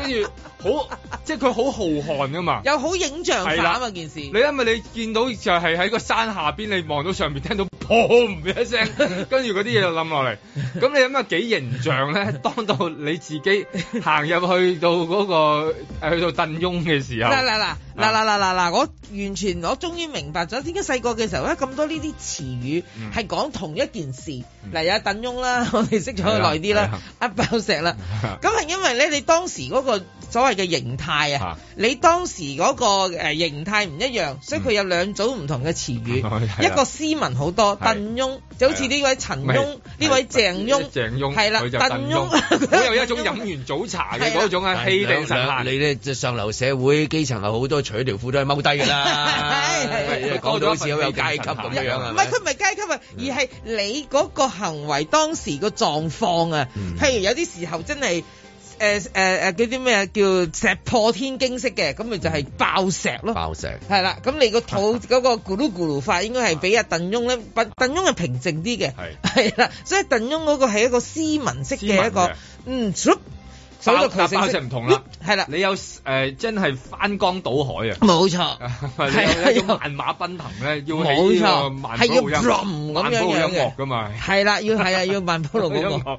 跟住好，即係佢好浩瀚噶嘛，又好 影像感啊！的 件事，你因為你見到就係喺個山下邊，你望到上面聽到。哦唔一聲，跟住嗰啲嘢就冧落嚟。咁你諗下幾形象咧？當到你自己行入去到嗰個誒，去到鄧翁嘅時候，嗱嗱嗱嗱嗱嗱嗱，我完全我終於明白咗點解細個嘅時候咧，咁多呢啲詞語係講同一件事。嗱，有鄧翁啦，我哋識咗佢耐啲啦，阿包石啦，咁係因為咧你當時嗰個所謂嘅形態啊，你當時嗰個誒形態唔一樣，所以佢有兩組唔同嘅詞語，一個斯文好多。鄧翁，就好似呢位陳翁，呢位鄭翁，係啦，佢就鄧翁，好有一種飲完早茶嘅嗰種啊，氣定神閒。你咧即上流社會，基層有好多，取條褲都係踎低噶啦。係，講到好似好有階級咁樣啊。唔係，佢唔係階級啊，而係你嗰個行為當時個狀況啊。譬如有啲時候真係。誒誒誒，嗰啲咩叫石破天驚式嘅，咁咪就係爆石咯，爆石係啦。咁你個肚嗰個咕嚕咕嚕發，應該係俾阿鄧翁咧，鄧翁係平靜啲嘅，係係啦。所以鄧翁嗰個係一個斯文式嘅一個嗯。所以個特性式唔同啦，係啦的，你有誒、呃、真係翻江倒海啊！冇錯，係 一種萬馬奔騰咧，要起呢個萬寶路音樂嘅嘛，係啦，要係啊，要萬寶路音樂。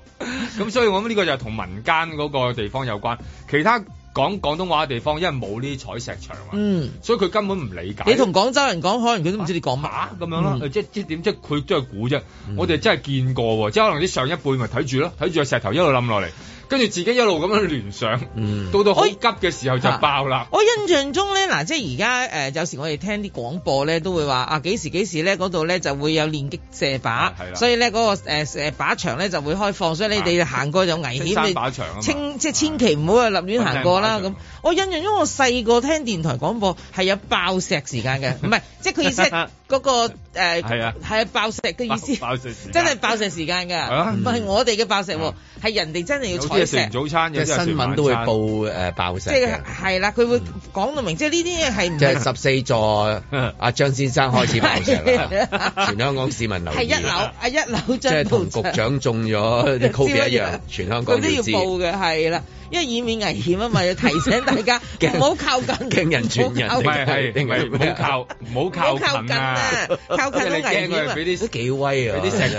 咁所以，我諗呢個就係同民間嗰個地方有關。其他講廣東話嘅地方，因為冇呢啲採石場啊，嗯，所以佢根本唔理解。你同廣州人講，可能佢都唔知你講乜咁、啊啊、樣咯、嗯。即即點即佢都係估啫。嗯、我哋真係見過，即可能你上一輩咪睇住咯，睇住個石頭一路冧落嚟。跟住自己一路咁樣聯想，嗯到到好急嘅時候就爆啦，嗯。我、啊、我印象中咧，嗱，即係而家誒有時我哋聽啲廣播咧都會話啊幾時幾時咧嗰度咧就會有練擊射靶，啊、所以咧嗰、嗰個誒、呃、靶場咧就會開放，所以你哋行過就危險，清即係千祈唔好去立亂行過啦。咁我印象中我細個聽電台廣播係有爆石時間嘅，唔係 即係佢要 set 嗰、 嗰個。誒係啊，係啊，爆石嘅意思，真係爆石時間㗎，唔係我哋嘅爆石，係人哋真係要採石。早餐，新聞都會報爆石。即係係啦，佢會講到明，即係呢啲嘢係唔。即係十四座阿張先生開始爆石，全香港市民留意，係一樓啊，一樓最。即係同局長中咗啲 Covid 一樣，全香港要知。佢都要報嘅，係啦。因為以免危險啊嘛，要提醒大家唔好靠近，驚人傳人，唔係係，唔好靠，唔好靠近啊！靠近都危險啊！都幾威啊！俾啲石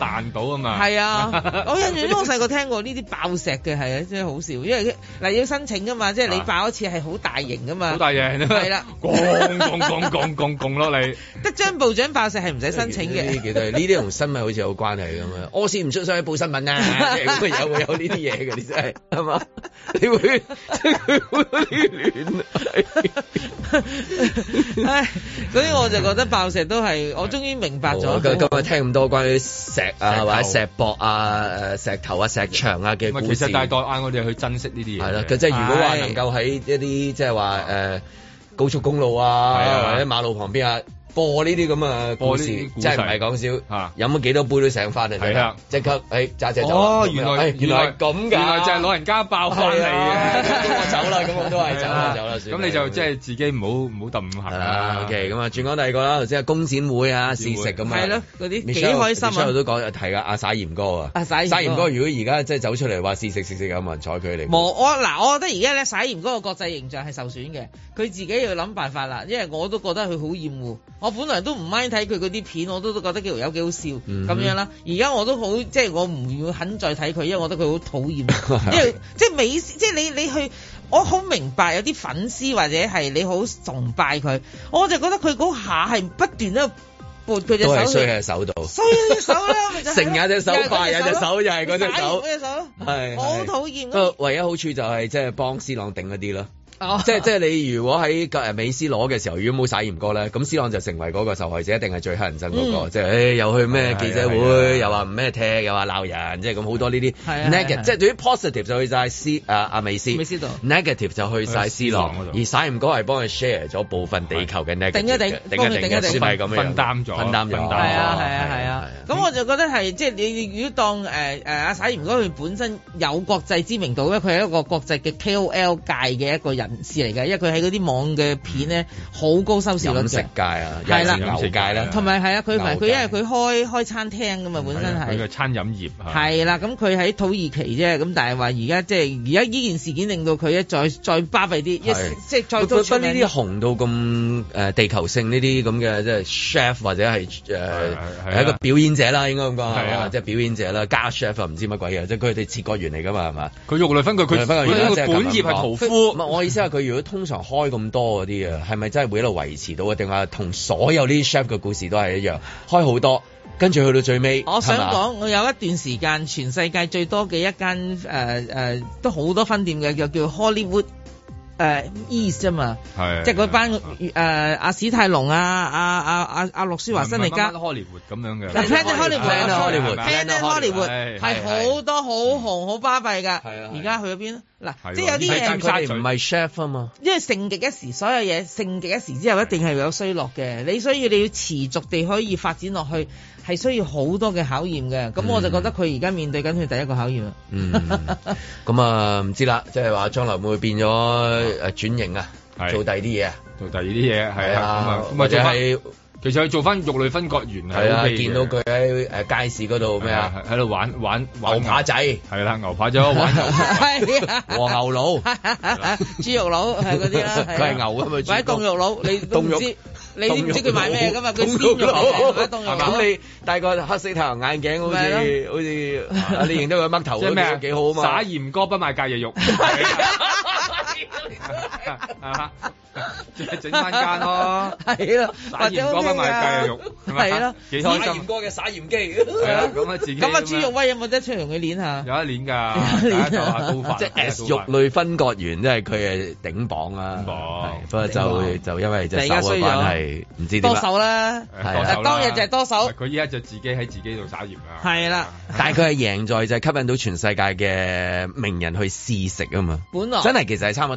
彈到啊嘛！係啊，我印象中我細個聽過呢啲爆石嘅，係啊，真係好笑，因為嗱要申請噶嘛，即係你爆一次係好大型噶嘛，好大型係啦，轟轟轟轟轟轟落嚟，得張部長爆石係唔使申請嘅。呢啲其實呢啲同新聞好似有關係咁嘛，屙屎唔出去報新聞啊，咁又會有呢啲嘢㗎，真係係嘛？你會即係會會亂唉，所以我就覺得爆石都係我終於明白咗。啊、今日聽咁多關於石啊、石頭或者石博啊、石頭啊、石牆啊嘅其實大概嗌我哋去珍惜呢啲嘢。係啦、 啊，即、就、係、是、如果話能夠喺一啲即係話誒高速公路啊， 啊或者馬路旁邊啊。播呢啲咁嘅故事，即係唔係講笑嚇？飲咗幾多杯都醒翻嚟，係啊，即刻誒揸隻酒。哦，原來原來咁㗎，原來就係老人家爆發嚟嘅。走啦，咁我都係走啦，走啦，咁你就即係自己唔好唔好揼五行啦。OK，咁啊轉講第二個啦，即係工展會啊試食咁啊，係咯，嗰啲幾開心啊 Michelle 都講啊，係阿撒鹽哥啊，撒鹽哥，如果而家即係走出嚟話試食食食有冇人睬佢嚟？冇我嗱，我覺得而家咧撒鹽哥嘅國際形象係受損嘅，佢自己要諗辦法啦。因為我都覺得佢好厭惡。我本來都唔 mind 睇佢嗰啲片，我都都覺得幾有幾好笑咁、嗯、哼樣啦。而家我都好，即係我唔會肯再睇佢，因為我覺得佢好討厭。 因為即係美，即係你你去，我好明白有啲粉絲或者係你好崇拜佢，我就覺得佢嗰下係不斷都撥佢隻手。係衰喺手度。衰喺隻手啦，成日隻手有隻手又係嗰隻手，手我好討厭。是是，唯一好處就係即係幫司朗頂一啲咯。哦，即係即係你如果喺美斯攞嘅時候，如果冇曬鹽哥咧，咁斯朗就成為嗰個受害者，一定係最黑人憎嗰個。即係誒，又去咩記者會，又話唔咩踢，又話鬧人，即係咁好多呢啲 negative。即係對於 positive 就去曬斯啊阿美斯，negative 就去曬斯朗，而曬鹽哥係幫佢 share 咗部分地球嘅 negative，頂一頂，頂一頂，頂一頂，係咁樣分擔咗，分擔咗，係啊，係啊，係啊。咁我就覺得係即係你如果當誒誒阿曬鹽哥佢本身有國際知名度咧，佢係一個國際嘅 KOL 界嘅一個人。事嚟嘅，因為佢喺嗰啲網嘅片咧，好高收視率。飲食界啊，又是牛。同埋係啊，佢唔係佢因為佢開開餐廳㗎嘛，本身係。佢嘅餐飲業。係啦，咁佢喺土耳其啫，咁但係話而家即係而家呢件事件令到佢咧再再巴閉啲，一即係再都。呢啲紅到咁誒地球性呢啲咁嘅即係 chef 或者係誒係一個表演者啦，應該咁講。係啊，即係表演者啦，加 chef 唔知乜鬼嘢，即係佢哋切割員嚟㗎嘛係嘛？佢肉類分割，佢佢本業係屠夫。即係佢如果通常開咁多嗰啲啊，係咪真係會喺度維持到啊？定話同所有啲 chef 嘅故事都係一樣開好多，跟住去到最尾。我想講吧我有一段時間全世界最多嘅一間誒誒，都好多分店嘅，就叫 Hollywood。誒 e a s t 啫嘛，即係嗰班誒阿史泰龍啊、阿阿阿阿諾舒華辛力加，聽聽 Hollywood 咁樣嘅，Hollywood，聽聽 Hollywood 係好多好紅好巴閉㗎，而家去咗邊嗱？即係有啲嘢唔係 chef 啊嘛，因為盛極一時，所有嘢盛極一時之後一定係有衰落嘅，你所以你要持續地可以發展落去。係需要好多嘅考驗嘅，咁我就覺得佢而家面對緊佢第一個考驗啊。嗯，咁啊唔知啦，即係話將來會變咗誒轉型啊，做第二啲嘢，做第二啲嘢係啊，或者係其實佢做翻肉類分割員啊，見到佢喺誒街市嗰度咩啊，喺度玩玩牛扒仔，係啦，牛扒仔玩和牛佬、豬肉佬係嗰啲啦，佢係牛啊嘛，或者凍肉佬你凍你知唔知佢買咩噶嘛？佢鮮肉，東肉，咁你戴個黑色太陽眼鏡，好似好似你認得佢乜頭咩，幾好啊嘛！灑鹽哥不賣隔夜肉。啊！整翻間咯，係咯，撒鹽賣雞肉，係咯，幾嘅撒鹽機，係咁啊，自己咁啊，豬肉威有冇得出嚟同佢練下？有一練噶，即係肉類分割員，即係佢係頂榜啊，不過就就因為就手係唔知多手啦，當日就係多手。佢依家就自己喺自己度撒鹽啊。係啦，但係佢係贏在就吸引到全世界嘅名人去試食啊嘛。本來真係其實係差唔多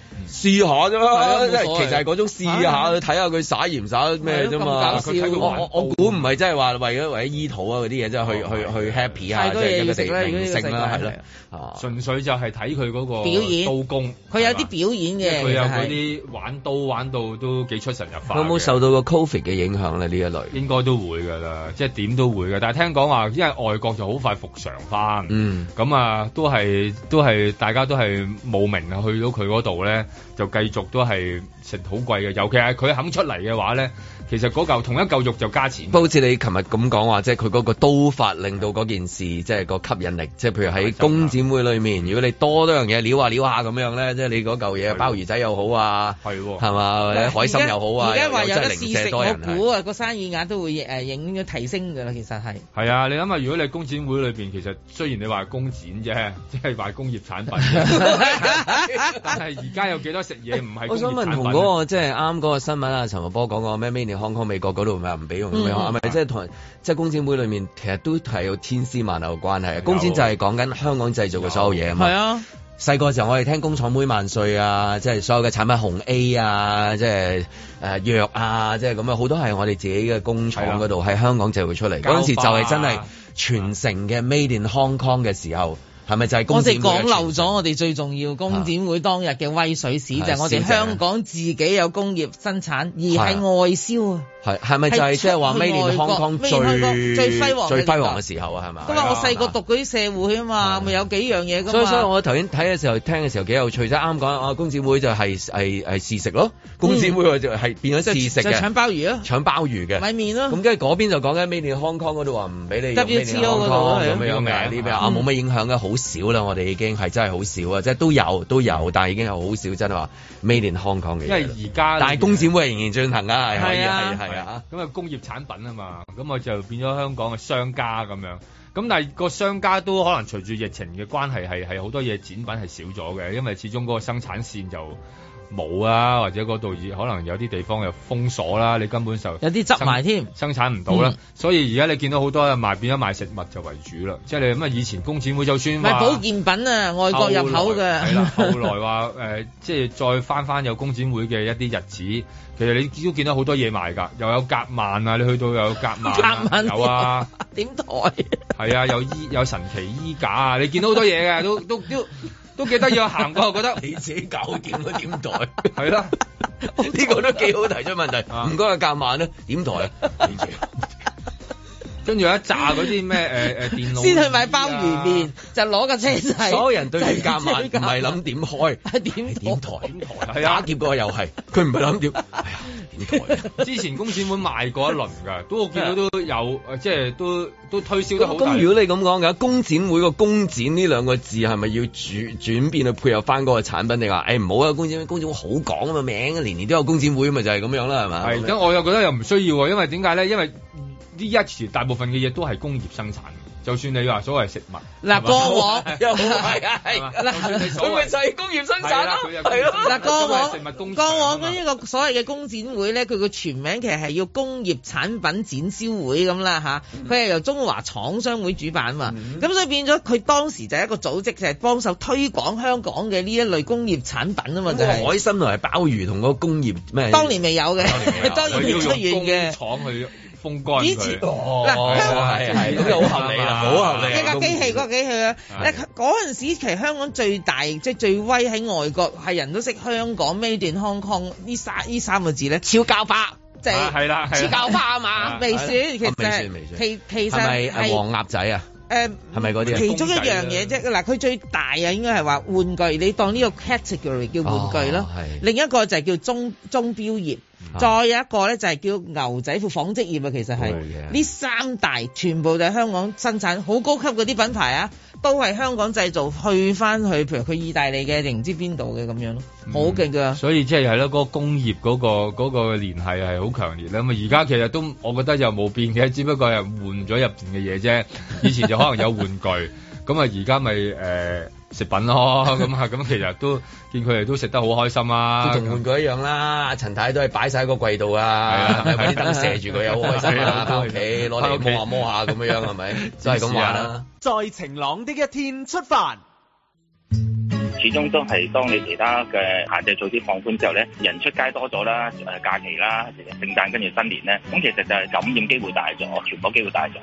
試下啫嘛，即係其實係嗰種試下，睇下佢耍鹽唔耍咩啫嘛。我我估唔係真係話為咗為咗醫肚啊嗰啲嘢，就去去去 happy 啊，即係一個食啦食啦係純粹就係睇佢嗰個表演刀工。佢有啲表演嘅，佢有嗰啲玩刀玩到都幾出神入化。有冇受到個 Covid 嘅影響咧？呢一類應該都會噶啦，即係點都會嘅。但係聽講話，因為外國就好快復常翻，嗯，咁啊都係都係大家都係慕名啊去到佢嗰度咧。就繼續都係食好貴嘅，尤其係佢肯出嚟嘅話咧。其實嗰嚿同一嚿肉就加錢，好似你琴日咁講話，即係佢嗰個刀法令到嗰件事，即係個吸引力，即係譬如喺工展會裏面，如果你多多樣嘢料下料下咁樣咧，即係你嗰嚿嘢鮑魚仔又好啊，係喎，係嘛，海參又好啊，依家真係零舍多人啊！我估啊，個生意額都會誒影咗提升㗎啦，其實係係啊！你諗下，如果你工展會裏邊，其實雖然你話工展啫，即係話工業產品，但係而家有幾多食嘢唔係？我想問同嗰個即係啱啱嗰個新聞啊，陳茂波講個咩咩香港、美國嗰度咪唔俾用？啊咪、嗯、對即係同即係工展會裏面，其實都係有千絲萬縷嘅關係。工有展就係講緊香港製造嘅所有嘢啊嘛。係啊！細個麼、啊、時候我哋聽工廠妹萬歲啊，即、就、係、是、所有嘅產品紅 A 啊，即係誒藥啊，即係咁啊，好多係我哋自己嘅工廠嗰度喺香港製造出嚟。嗰陣、啊、時就係真係全城嘅 Made in Hong Kong 嘅時候。係咪就係？我哋講漏咗我哋最重要工展會當日嘅威水史，就係我哋香港自己有工業生產，而係外銷啊。係係咪就係，即係話 Made in Hong Kong 最最輝煌嘅時候啊？係嘛？咁啊！我細個讀嗰啲社會啊嘛，咪有幾樣嘢。所以所以我頭先睇嘅時候，聽嘅時候幾有趣。即啱講啊，工展會就係試食咯。工展會就係變咗試食嘅搶鮑魚啊，搶鮑魚嘅咪麵咯。咁跟住嗰邊就講緊 Made in Hong Kong 嗰度話唔俾你用。WTO 嗰度咁樣嘅，你咩冇乜影響嘅，好少啦。我哋已經係真係好少啊，即都有都有，但已經係好少真係話 Made in Hong Kong 嘅。因為而家，但係工展會係仍然進行㗎，係可以係啊，咁啊工業產品啊嘛，咁啊就變咗香港嘅商家咁樣。咁但係個商家都可能隨住疫情嘅關係，係係好多嘢展品係少咗嘅，因為始終嗰個生產線就。冇啊，或者嗰度可能有啲地方又封鎖啦，你根本就有啲執埋添，生產唔到啦。嗯、所以而家你見到好多賣變咗賣食物就為主啦，即係咁啊！以前工展會就算賣保健品啊，外國入口嘅。係啦，後來話誒、 呃，即係再翻翻有工展會嘅一啲日子，其實你都見到好多嘢賣㗎，又有夾萬啊！你去到又有夾萬、啊，夾有啊，點台、啊？係啊，有衣有神奇衣架啊！ 你見到好多嘢嘅，都都都。都 都記得要行過，覺得 你自己搞掂咗點台，係啦， 呢 個都幾好提出問題。唔該啊，夾萬啊，點台啊，跟住 一紮嗰啲咩誒誒電腦、啊， 先去買鮑魚麵 就攞個車，所有人對住夾萬唔係諗點開，點 點台，點台啊、 打劫個又係，佢唔係諗點 之前工展會賣過一輪噶，不過我見到都有，即係、啊啊就是、都都推銷得好。咁如果你咁講嘅，工展會個工展呢兩個字係咪要轉轉變去配合翻嗰個產品？你話，誒唔好啊，工展工展會好講啊名，年年都有工展會咪就係、是、咁樣啦，係嘛？係，咁我又覺得又唔需要，因為點解咧？因為呢一次大部分嘅嘢都係工業生產。就算你話所謂食物嗱，過往又係啊，嗱，佢咪好 就係工業生產咯，係咯。嗱，過往的，過往嗰一個所謂嘅工展會咧，佢個全名其實係要工業產品展銷會咁啦吓，佢係由中華廠商會主辦嘛，咁、嗯、所以變咗佢當時就係一個組織，就係、是、幫手推廣香港嘅呢一類工業產品啊嘛，就係、是、海參同埋鮑魚同個工業咩？當年未有嘅，當年未出現嘅。封幹以前，嗱，香港係係咁樣好合理啊，好合理。呢個機器，嗰個機器啊，嗱，嗰陣時其實香港最大即係最威喺外國係人都識香港 made in Hong Kong 呢三呢三個字咧，超教化，即係超教化啊嘛，未算其實，其其實係黃鴨仔啊？係咪嗰啲其中一樣嘢啫。嗱，佢最大啊，應該係話玩具，你當呢個 category 叫玩具咯。另一個就係叫鐘鐘錶業。啊、再有一個咧，就係叫牛仔褲紡織業啊，其實係呢的三大全部就係香港生產，好高級嗰啲品牌啊，都係香港製造，去翻去譬如佢意大利嘅定唔知邊度嘅咁樣咯，好勁㗎。所以即係係咯，嗰、嗰個工業嗰、嗰個嗰、嗰個聯繫係好強烈啦。咁而家其實都我覺得又冇變嘅，只不過係換咗入邊嘅嘢啫。以前就可能有玩具，咁啊而家咪誒。呃食品咯，咁啊，咁其實都見佢哋都食得好開心啊！同佢一樣啦，陳太都係擺晒喺個櫃度啊，係啊，啲燈射住佢又好開心啊，翻屋企攞嚟摸下摸下咁樣樣係咪？真係咁話啦。在晴朗的一天出發。始終都係當你其他嘅限制做啲放寬之後咧，人出街多咗啦，誒假期啦，聖誕跟住新年咧，咁其實就係感染機會大咗，全部機會大咗。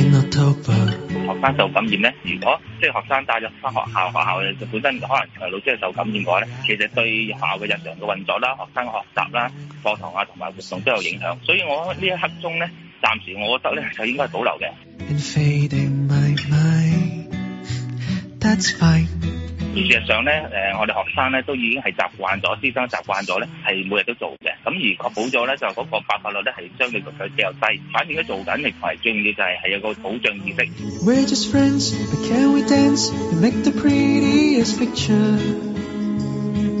In October, 學生受感染呢？如果即係、就是、學生帶入返學校，學校就本身可能誒老師係受感染嘅話呢。其實對學校嘅日常嘅運作啦、學生嘅學習啦、課堂啊同埋活動都有影響。所以我呢一刻鐘呢，暫時我覺得呢，就應該係保留嘅。事實上咧，誒，我哋學生咧都已經係習慣咗，師生習慣咗咧，係每日都做嘅。咁而確保咗咧，就嗰、是、個爆發率咧係相對佢比較低。反而而家做緊嘅同埋重要嘅就係係有個保障意識。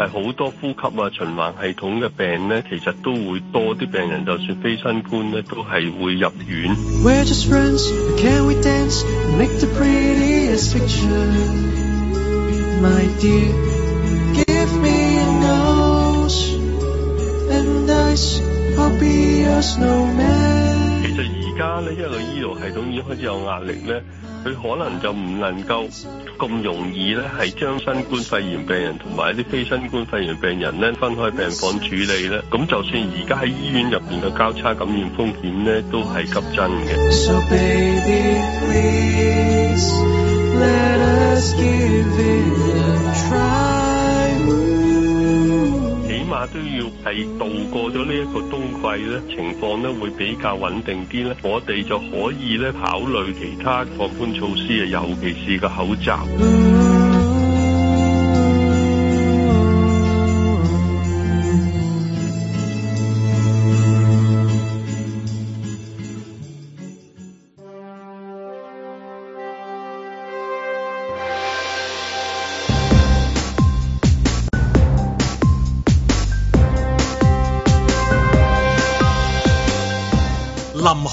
係好多呼吸啊、循環系統嘅病咧，其實都會多啲病人，就算非新冠咧，都係會入院。其實而家咧，因為個醫療系統已經開始有壓力咧。佢可能就唔能夠咁容易咧，係將新冠肺炎病人同埋一啲非新冠肺炎病人咧分開病房處理咧。咁就算而家喺醫院入邊嘅交叉感染風險咧，都係急增嘅。So baby, please, let us give it a try. 都要係渡過咗呢一個冬季咧，情況咧會比較穩定啲咧，我哋就可以咧考慮其他放寬措施，啊，尤其是個口罩。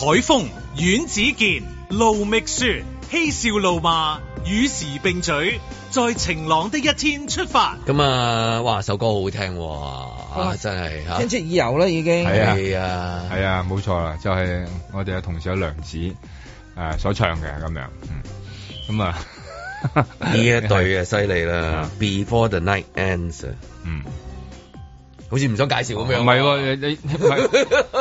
海風、阮子健、盧覓雪、嬉笑怒罵、與時並舉，在晴朗的一天出發。咁啊，哇！首歌好聽，啊、喎，啊啊，真係青春已有啦，已經係啊，係啊，冇錯啦，就係、是、我哋嘅同事阿梁子誒、啊、所唱嘅咁樣，嗯，咁啊呢一隊啊犀利啦！Before the night ends，嗯。好似唔想介紹咁樣，唔係喎你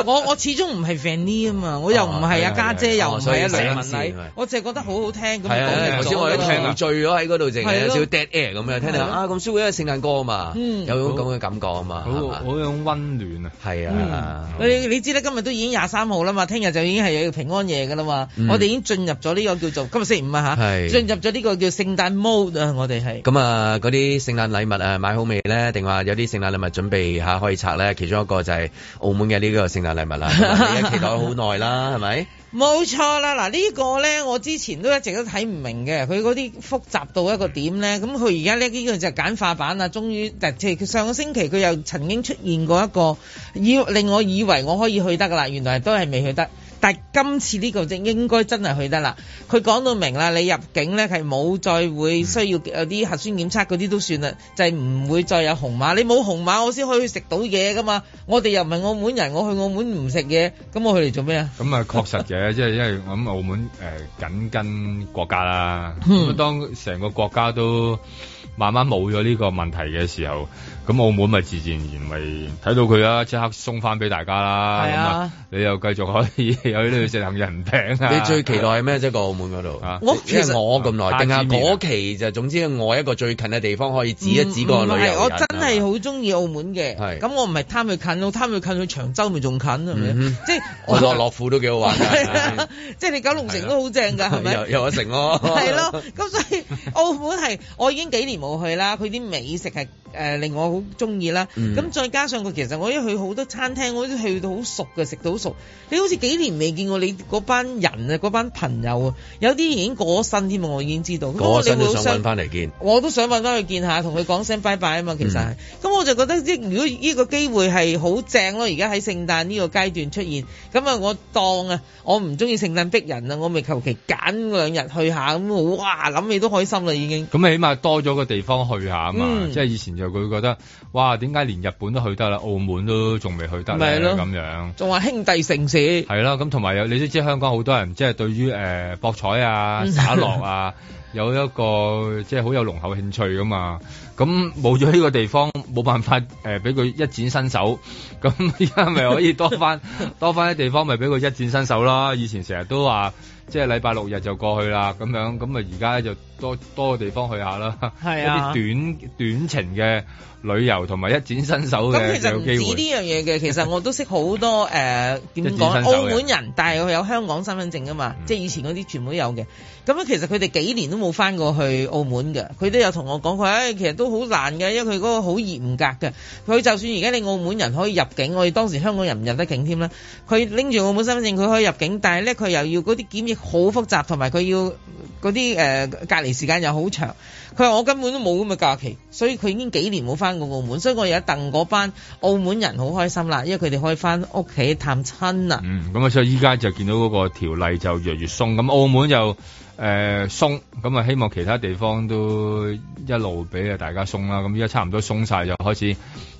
我我始終唔係 Vani 啊嘛，我又唔係啊家姐，又唔係啊禮物禮，我淨係覺得好好聽咁。係啊，頭先我哋聽醉咗喺嗰度，淨係有少少 dead air 咁樣，聽到啊咁舒服，因為聖誕歌啊嘛，有種咁嘅感覺啊嘛，好有種溫暖啊。係啊，你知啦，今日都已經廿三號啦嘛，聽日就已經係平安夜噶啦嘛，我哋已經進入咗呢個叫做今日星期五啊嚇，進入咗呢個叫聖誕 mode 啊，我哋係。咁啊，嗰啲聖誕禮物啊買好未咧？定話有啲聖誕禮物準備？下可以拆咧，其中一個就係澳門嘅呢個聖誕禮物啦，你 期待好耐啦，係咪？冇錯啦，嗱、呢個、呢個咧，我之前都一直都睇唔明嘅，佢嗰啲複雜到一個點咧，咁佢而家咧呢、呢個就係簡化版啦，終於，但係上個星期佢又曾經出現過一個，以令我以為我可以去得噶啦，原來都係未去得。但係今次呢個正應該真係去得啦。佢講到明啦，你入境咧係冇再會需要有啲核酸檢測嗰啲都算啦，嗯、就係唔會再有紅碼。你冇紅碼，我先可以食到嘢㗎嘛。我哋又唔係澳門人，我去澳門唔食嘢，咁我去嚟做咩啊？咁啊，確實嘅，即係 因為我諗澳門緊跟、呃、國家啦。嗯嗯、當當成個國家都慢慢冇咗呢個問題嘅時候。咁澳門咪自然然咪睇到佢啦，即刻送翻俾大家啦。係啊，你又繼續可以有喺度食杏仁餅啊！你最期待係咩啫？個澳門嗰度，我其實我咁耐定係嗰期就總之我一個最近嘅地方可以指一指個女唔係，我真係好中意澳門嘅。咁我唔係貪佢近我貪佢近，去長洲咪仲近係咪？即係落落富都幾好玩。係啊，即係你九龍城都好正㗎，係咪？又一城咯。係咯，咁所以澳門係我已經幾年冇去啦。佢啲美食係誒令我。好中意啦，咁、嗯、再加上佢，其實我一去好多餐廳，我都去到好熟嘅，食到好熟。你好似幾年未見過你嗰班人啊，嗰班朋友啊，有啲已經過咗身添，我已經知道。過咗身都想搵翻嚟見，我都想搵翻去見一下，同佢講聲拜拜啊嘛。其實，係咁、嗯、我就覺得，即如果呢個機會係好正咯，而家喺聖誕呢個階段出現，咁啊，我當啊，我唔中意聖誕逼人啊，我咪求其揀兩日去一下咁，哇，諗起都開心啦已經。咁、嗯、起碼多咗個地方去一下啊嘛，即係以前就佢覺得。哇！點解連日本都去得啦？澳門都仲未去得啦咁樣。仲話兄弟城市係啦咁同埋有你都知香港好多人即係、就是、對於誒、呃、博彩啊、耍樂 啊，有一個即係好有濃厚興趣噶嘛。咁冇咗呢個地方，冇辦法誒俾佢一展身手。咁而家咪可以多翻 多翻啲地方，咪俾佢一展身手啦。以前成日都話即係禮拜六日就過去啦咁樣，咁啊而家就多多個地方去下啦。係啊，有一啲短短程嘅。旅遊同埋一展身手嘅咁，其實唔止呢樣嘢嘅。其實我都識好多誒點講澳門人，但係佢有香港身份證㗎嘛，嗯、即係以前嗰啲全部都有嘅。咁樣其實佢哋幾年都冇翻過去澳門嘅。佢都有同我講佢誒，其實都好難嘅，因為佢嗰個好嚴格嘅。佢就算而家你澳門人可以入境，我哋當時香港人唔入得境添啦。佢拎住澳門身份證，佢可以入境，但係咧佢又要嗰啲檢疫好複雜，同埋佢要嗰啲誒隔離時間又好長。佢話我根本都冇咁嘅假期，所以佢已經幾年冇翻過澳門，所以我而家戥嗰班澳門人好開心啦，因為佢哋可以翻屋企探親啦、嗯。嗯，咁、嗯、啊，所以依家就見到嗰個條例就越嚟越鬆，咁、嗯、澳門就誒、呃、鬆，咁、嗯、啊、嗯嗯、希望其他地方都一路俾啊大家鬆啦。咁依家差唔多鬆晒，就開始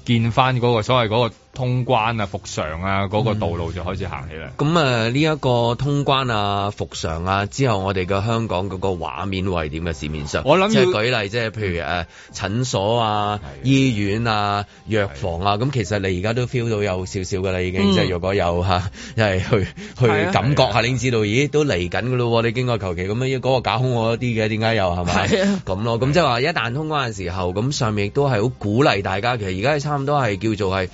見翻嗰個所謂嗰、嗰個。通關啊、復常啊，嗰、那個道路就開始行起啦。咁、嗯、啊，呢、這、一個通關啊、復常啊之後，我哋嘅香港嗰個畫面會係點嘅市面上？我諗即係舉例，即係譬如誒、呃、診所啊、的醫院啊、藥房啊，咁的、嗯、其實你而家都 feel 到有少少㗎啦，已經。嗯、即係若果有嚇，一、啊、係去去感覺下，的你知道的咦都嚟緊嘅咯。你經過求其咁樣嗰個空嗰啲嘅，點解又係咪咁咯？咁的即係話一旦通關嘅時候，咁上面亦都係好鼓勵大家。其實而家差唔多係叫做係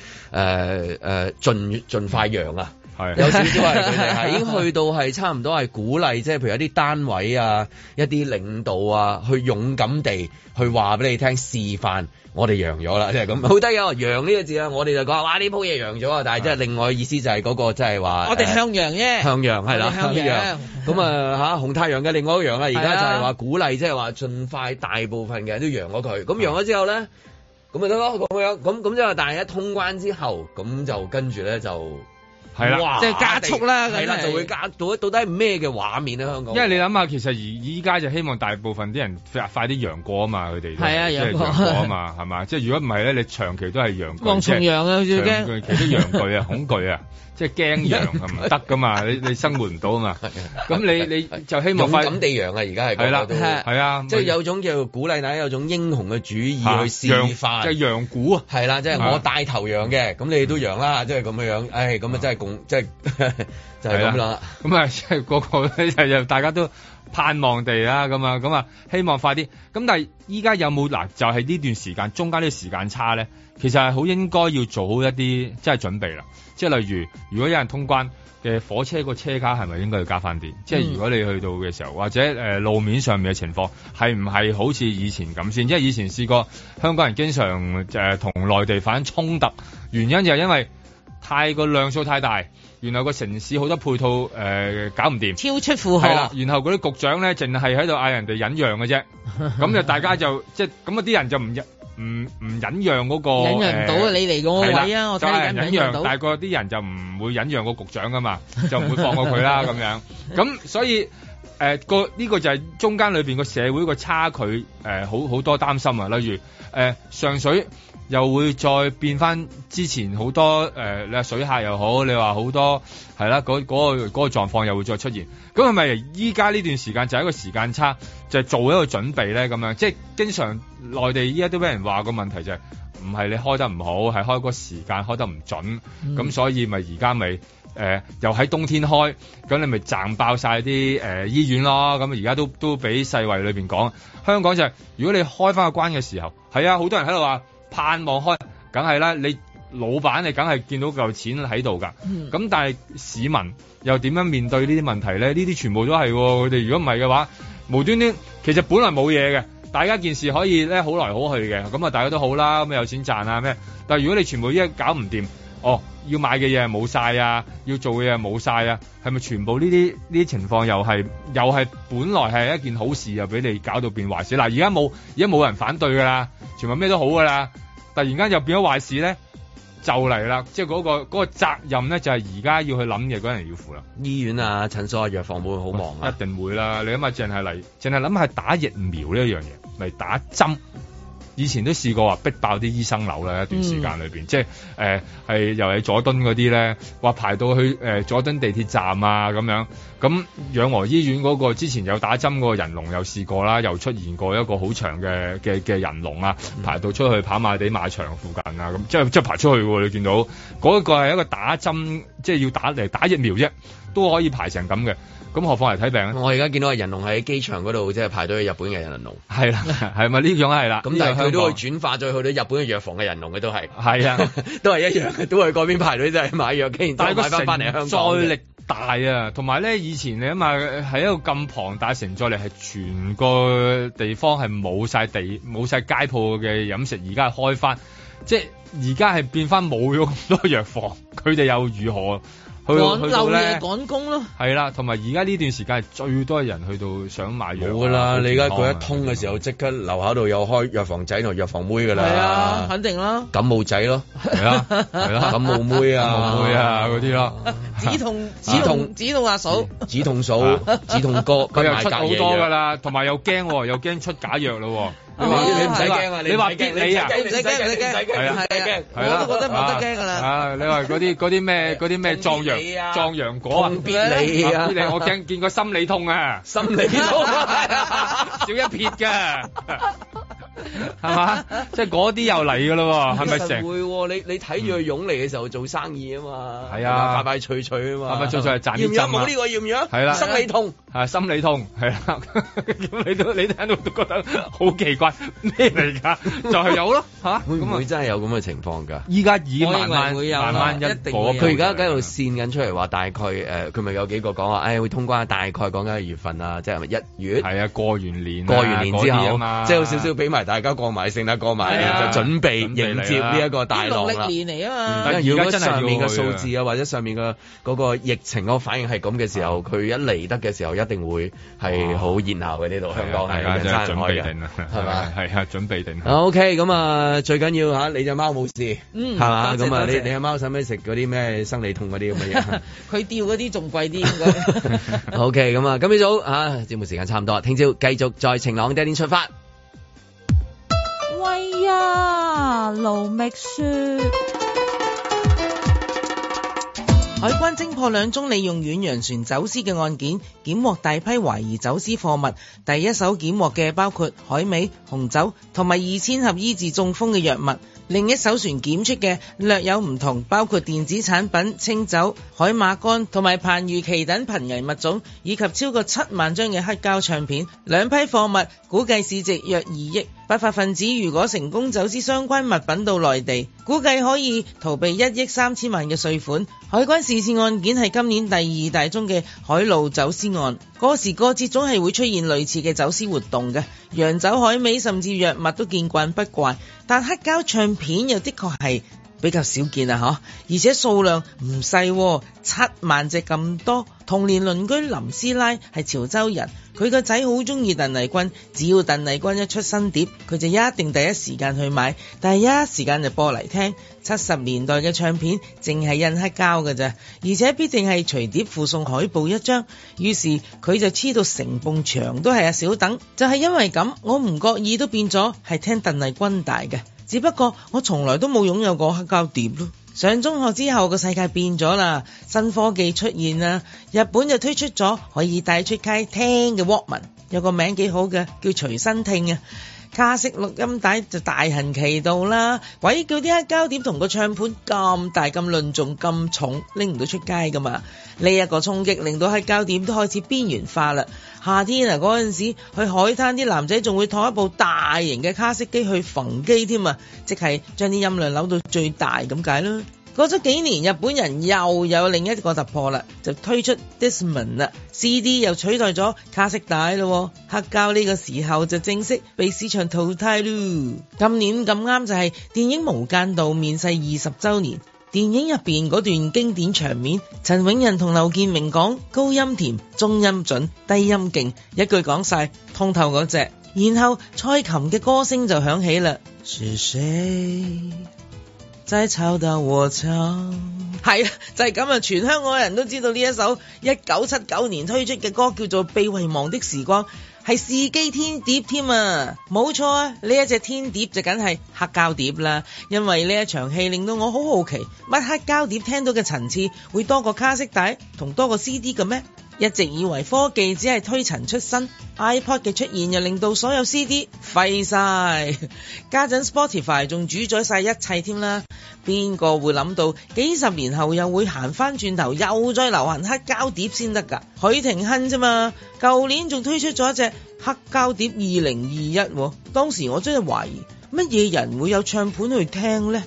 誒誒，盡盡快揚啊，係有少少係佢哋係已經去到係差唔多係鼓勵，即係譬如有啲單位啊，一啲領導啊，去勇敢地去話俾你聽，示範我哋揚咗啦，即係咁。好得意哦，揚呢個字啊，我哋就講話，哇呢鋪嘢揚咗，啊。但係即係另外意思就係嗰個即係話，我哋向陽啫，向陽係啦，向陽。咁啊吓，紅太陽嘅另外一樣啊，而家就係話鼓勵，即係話盡快大部分嘅人都揚咗佢，咁揚咗之後咧。咁咪得咯，咁樣，咁咁即係，但係一通關之後，咁就跟住咧就係啦，即係了哇加速啦，係啦，就會加到到底係咩嘅畫面咧？香港因為你諗下，其實而依家就希望大部分啲人快啲陽過啊嘛，佢哋係啊，陽過啊嘛，係嘛？即係 如果唔係咧，你長期都係陽，長期都陽句啊， 恐懼啊！即係驚羊咁得噶嘛？你你生活唔到嘛？咁你你就希望快勇敢地羊啊！而家係係啦，係啊，即係有種叫鼓勵，大家有種英雄嘅主義去試發，就係羊股啊！係啦，即係我帶頭羊嘅，咁你都羊啦，即係咁樣樣。唉，咁啊，真係共即係就係咁啦。咁啊，即係個個又就大家都盼望地啦，咁啊咁啊，希望快啲。咁但係依家有冇嗱？就係呢段時間中間呢個時間差咧，其實係好應該要做好一啲即係準備啦。即係例如，如果有人通關嘅火車個車卡係咪應該要加翻啲？嗯、即係如果你去到嘅時候，或者、呃、路面上面嘅情況，係唔係好似以前咁先？因為以前試過，香港人經常誒同內地發生衝突，原因就係因為太過量數，太大，然後個城市好多配套、呃、搞唔掂，超出負荷。係啦，然後嗰啲局長咧淨係喺度嗌人哋忍讓嘅啫，咁 就大家就即係咁啊，啲人就唔忍。唔唔忍讓嗰個，忍讓唔到、呃、你嚟個位啊！的我睇忍讓，忍讓但係個啲人就唔會忍讓個局長噶嘛， 就唔會放過佢啦咁 樣。咁所以誒個呢個就係中間裏邊個社會個差距誒、呃，好好多擔心啊。例如誒、呃、上水。又會再變翻之前好多誒、呃，你話水客又好，你話好多係啦，嗰嗰、啊嗰個嗰狀況又會再出現。咁係咪依家呢段時間就係一個時間差，就係、做一個準備咧？咁樣即係經常內地依家都俾人話個問題就係唔係你開得唔好，係開個時間開得唔準，咁、嗯、所以咪而家咪誒又喺冬天開，咁你咪賺爆晒啲誒醫院咯。咁而家都都俾世衞裏面講香港就係、係、如果你開翻個關嘅時候，係啊，好多人喺度話，盼望開，梗係啦！你老闆你梗係見到夠錢喺度噶，咁、嗯、但係市民又點樣面對呢啲問題咧？呢啲全部都係佢哋。如果唔係嘅話，無端端其實本來冇嘢嘅，大家件事可以咧好來好去嘅，咁啊大家都好啦，咁有錢賺啊咩？但係如果你全部一搞唔掂，哦，要買嘅嘢係冇晒啊，要做嘅嘢冇晒啊，係咪全部呢啲呢啲情況又係又係本來係一件好事又俾你搞到變壞事？嗱，而家冇而家冇人反對噶啦，全部咩都好噶啦。突然間又變咗壞事咧，就嚟啦！即係嗰個嗰、嗰個、責任咧，就係而家要去諗嘅嗰人要負啦。醫院啊、診所啊、藥房會好忙啊，一定會啦。你諗下，淨係嚟，淨係諗下打疫苗呢一樣嘢嚟打針，以前都試過話逼爆啲醫生樓啦，一段時間裏邊，嗯、即係誒係又係佐敦嗰啲咧，話排到去誒、呃、佐敦地鐵站啊咁樣。咁養和醫院嗰個之前有打針嗰個人龍又試過啦，又出現過一個好長嘅嘅嘅人龍啊，嗯、排到出去跑馬地馬場附近啊，咁即係即係排出去喎，你見到嗰一、嗰個係一個打針，即、就、係、是、要打嚟打疫苗啫，都可以排成咁嘅，咁何況嚟睇病呢？我而家見到人龍喺機場嗰度，即、就、係、是、排到去日本嘅人龍，係啦、啊，係咪呢種係啦？咁 但係佢都會轉化咗去到日本嘅藥房嘅人龍，嘅，都係啊， 都係一樣都係嗰邊排隊都係、就是、買藥，竟然都買翻翻嚟香港。大啊，同埋咧，以前你諗下，喺一個咁龐大城，再嚟係全個地方係冇晒地、冇晒街鋪嘅飲食，而家係開翻，即係而家係變翻冇咗咁多藥房，佢哋又如何？趕漏夜，趕工咯，係啦，同埋而家呢段時間係最多人去到想買藥噶啦。你而家佢一通嘅時候，即刻樓下度有開藥房仔同藥房妹噶啦。係啊，肯定啦。感冒仔咯，係啦，係啦，感冒妹啊，感冒妹啊，嗰啲咯。止痛止痛止痛阿嫂，止痛嫂，止痛哥，佢又出好多噶啦，同埋又驚又驚出假藥啦。你話你唔使驚啊！你話驚，你啊！你驚你驚，係啊係啊，我都覺得唔得驚噶啦。啊！你話嗰啲嗰啲咩嗰啲咩壯陽壯陽果啊，別你啊！別你，我驚見過心理痛啊，心理痛，少一撇噶。係嘛？即係嗰啲又嚟噶咯，係咪會？你你睇住佢湧嚟嘅時候做生意啊嘛，係啊，快快脆脆啊嘛，快快脆脆係賺。要唔要？冇呢個要唔要？係啦，心理痛係心理痛係啊，咁你都你聽到都覺得好奇怪咩嚟噶？就係有咯，吓會唔會真係有咁嘅情況噶？依家慢慢慢慢一定。佢而家喺度扇緊出嚟話，大概誒，佢咪有幾個講話？誒，會通關大概講緊月份啊，即係咪一月係啊，過完年過完年之後，即係有少少俾埋。大家過埋聖誕，過埋就準備迎接呢一個大浪啦。農曆年嚟啊嘛！如果上面嘅數字啊，或者上面嘅嗰個疫情個反應係咁嘅時候，佢一嚟得嘅時候，一定會係好熱鬧嘅。呢度香港係爭開定？係嘛？係啊，準備定。O K，咁啊，最緊要嚇你隻貓冇事，係嘛？咁啊，你你隻貓使唔使食嗰啲咩生理痛嗰啲咁嘅嘢？佢吊嗰啲仲貴啲。O K，咁啊，今日早啊，節目時間差唔多，聽朝繼續在晴朗的一天出發。喂、哎、呀，盧覓雪！海關偵破兩宗利用遠洋船走私嘅案件，檢獲大批懷疑走私貨物。第一手檢獲嘅包括海味、紅酒同埋二千盒醫治中風嘅藥物。另一艘船檢出嘅略有唔同，包括電子產品、清酒、海馬乾同埋盼魚鰭等瀕危物種，以及超過七萬張嘅黑膠唱片。兩批貨物估計市值約二億。不法分子如果成功走私相關物品到內地，估計可以逃避一億三千萬嘅稅款。海關是次案件係今年第二大宗嘅海路走私案。過時過節總係會出現類似嘅走私活動嘅，洋酒、海味甚至藥物都見慣不怪，但黑膠唱唱片又的確係比較少見啊！嗬，而且數量唔細，七萬隻咁多。童年鄰居林師奶係潮州人，佢個仔好中意鄧麗君，只要鄧麗君一出新碟，佢就一定第一時間去買，但係一時間就播嚟聽。七十年代嘅唱片淨係印黑膠㗎咋，而且必定係隨碟附送海報一張。於是佢就黐到成埲牆都係阿小等，就係、是、因為咁，我唔覺意都變咗係聽鄧麗君大嘅。只不過我從來都冇擁有過黑膠碟咯。上中學之後個世界變咗啦，新科技出現啦，日本就推出咗可以帶出街聽嘅 Walkman，有個名幾好嘅叫隨身聽啊。卡式錄音帶就大行其道啦，鬼叫啲黑膠碟同個唱盤咁大、咁隆重、咁重，拎唔到出街噶嘛？呢、這、一個衝擊令到黑膠碟都開始邊緣化啦。夏天啊，嗰陣時去海灘啲男仔仲會攆一部大型嘅卡式機去逢機添啊，即係將啲音量扭到最大咁解啦。過咗幾年，日本人又有另一個突破啦，就推出 Discman 啦，CD 又取代咗卡式帶咯，黑膠呢個時候就正式被市場淘汰咯。今年咁啱就係電影《無間道》面世二十周年，電影入邊嗰段經典場面，陳永仁同劉建明講高音甜、中音準、低音勁，一句講晒通透嗰隻，然後蔡琴嘅歌聲就響起啦。謝謝真是醜和係啊！就係咁啊！全香港人都知道呢一首一九七九年推出嘅歌叫做《被遺忘的時光》，係試機天碟添啊！冇錯啊！呢一隻天碟就梗係黑膠碟啦，因為呢一場戲令到我好好奇，乜黑膠碟聽到嘅層次會多過卡式帶同多過 CD 嘅咩？一直以為科技只係推陳出新 iPod 嘅出現又令到所有 CD 廢晒。家陣 Spotify 仲主宰晒一切添啦。邊個會諗到幾十年後又會行翻轉頭又再流行黑膠碟先得㗎？許廷鏗啫嘛～舊年仲推出咗一隻黑膠碟二零二一，當時我真係懷疑乜嘢人會有唱盤去聽呢？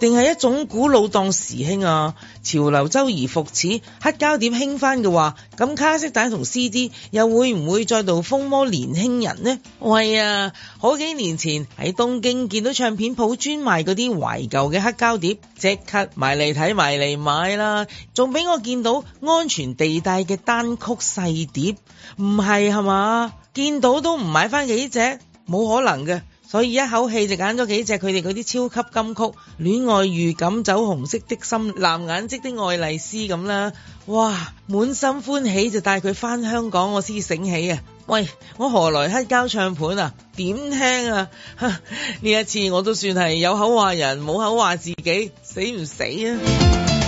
定係一種古老當時興啊？潮流周而復始，黑膠碟興翻嘅話，咁卡式帶同 CD 又會唔會再度風魔年輕人呢？喂啊，好幾年前喺東京見到唱片鋪專賣嗰啲懷舊嘅黑膠碟，即刻埋嚟睇埋嚟買啦，仲俾我見到安全地帶嘅單曲細碟。唔係係嘛？見到都唔買翻幾隻，冇可能嘅。所以一口氣就揀咗幾隻佢哋嗰啲超級金曲，《戀愛預感》、《酒紅色的心》、《藍眼睛的愛麗絲》咁啦。哇，滿心歡喜就帶佢翻香港，我先醒起啊！喂，我何來黑膠唱盤啊？點聽啊？呢一次我都算係有口話人，冇口話自己，死唔死啊？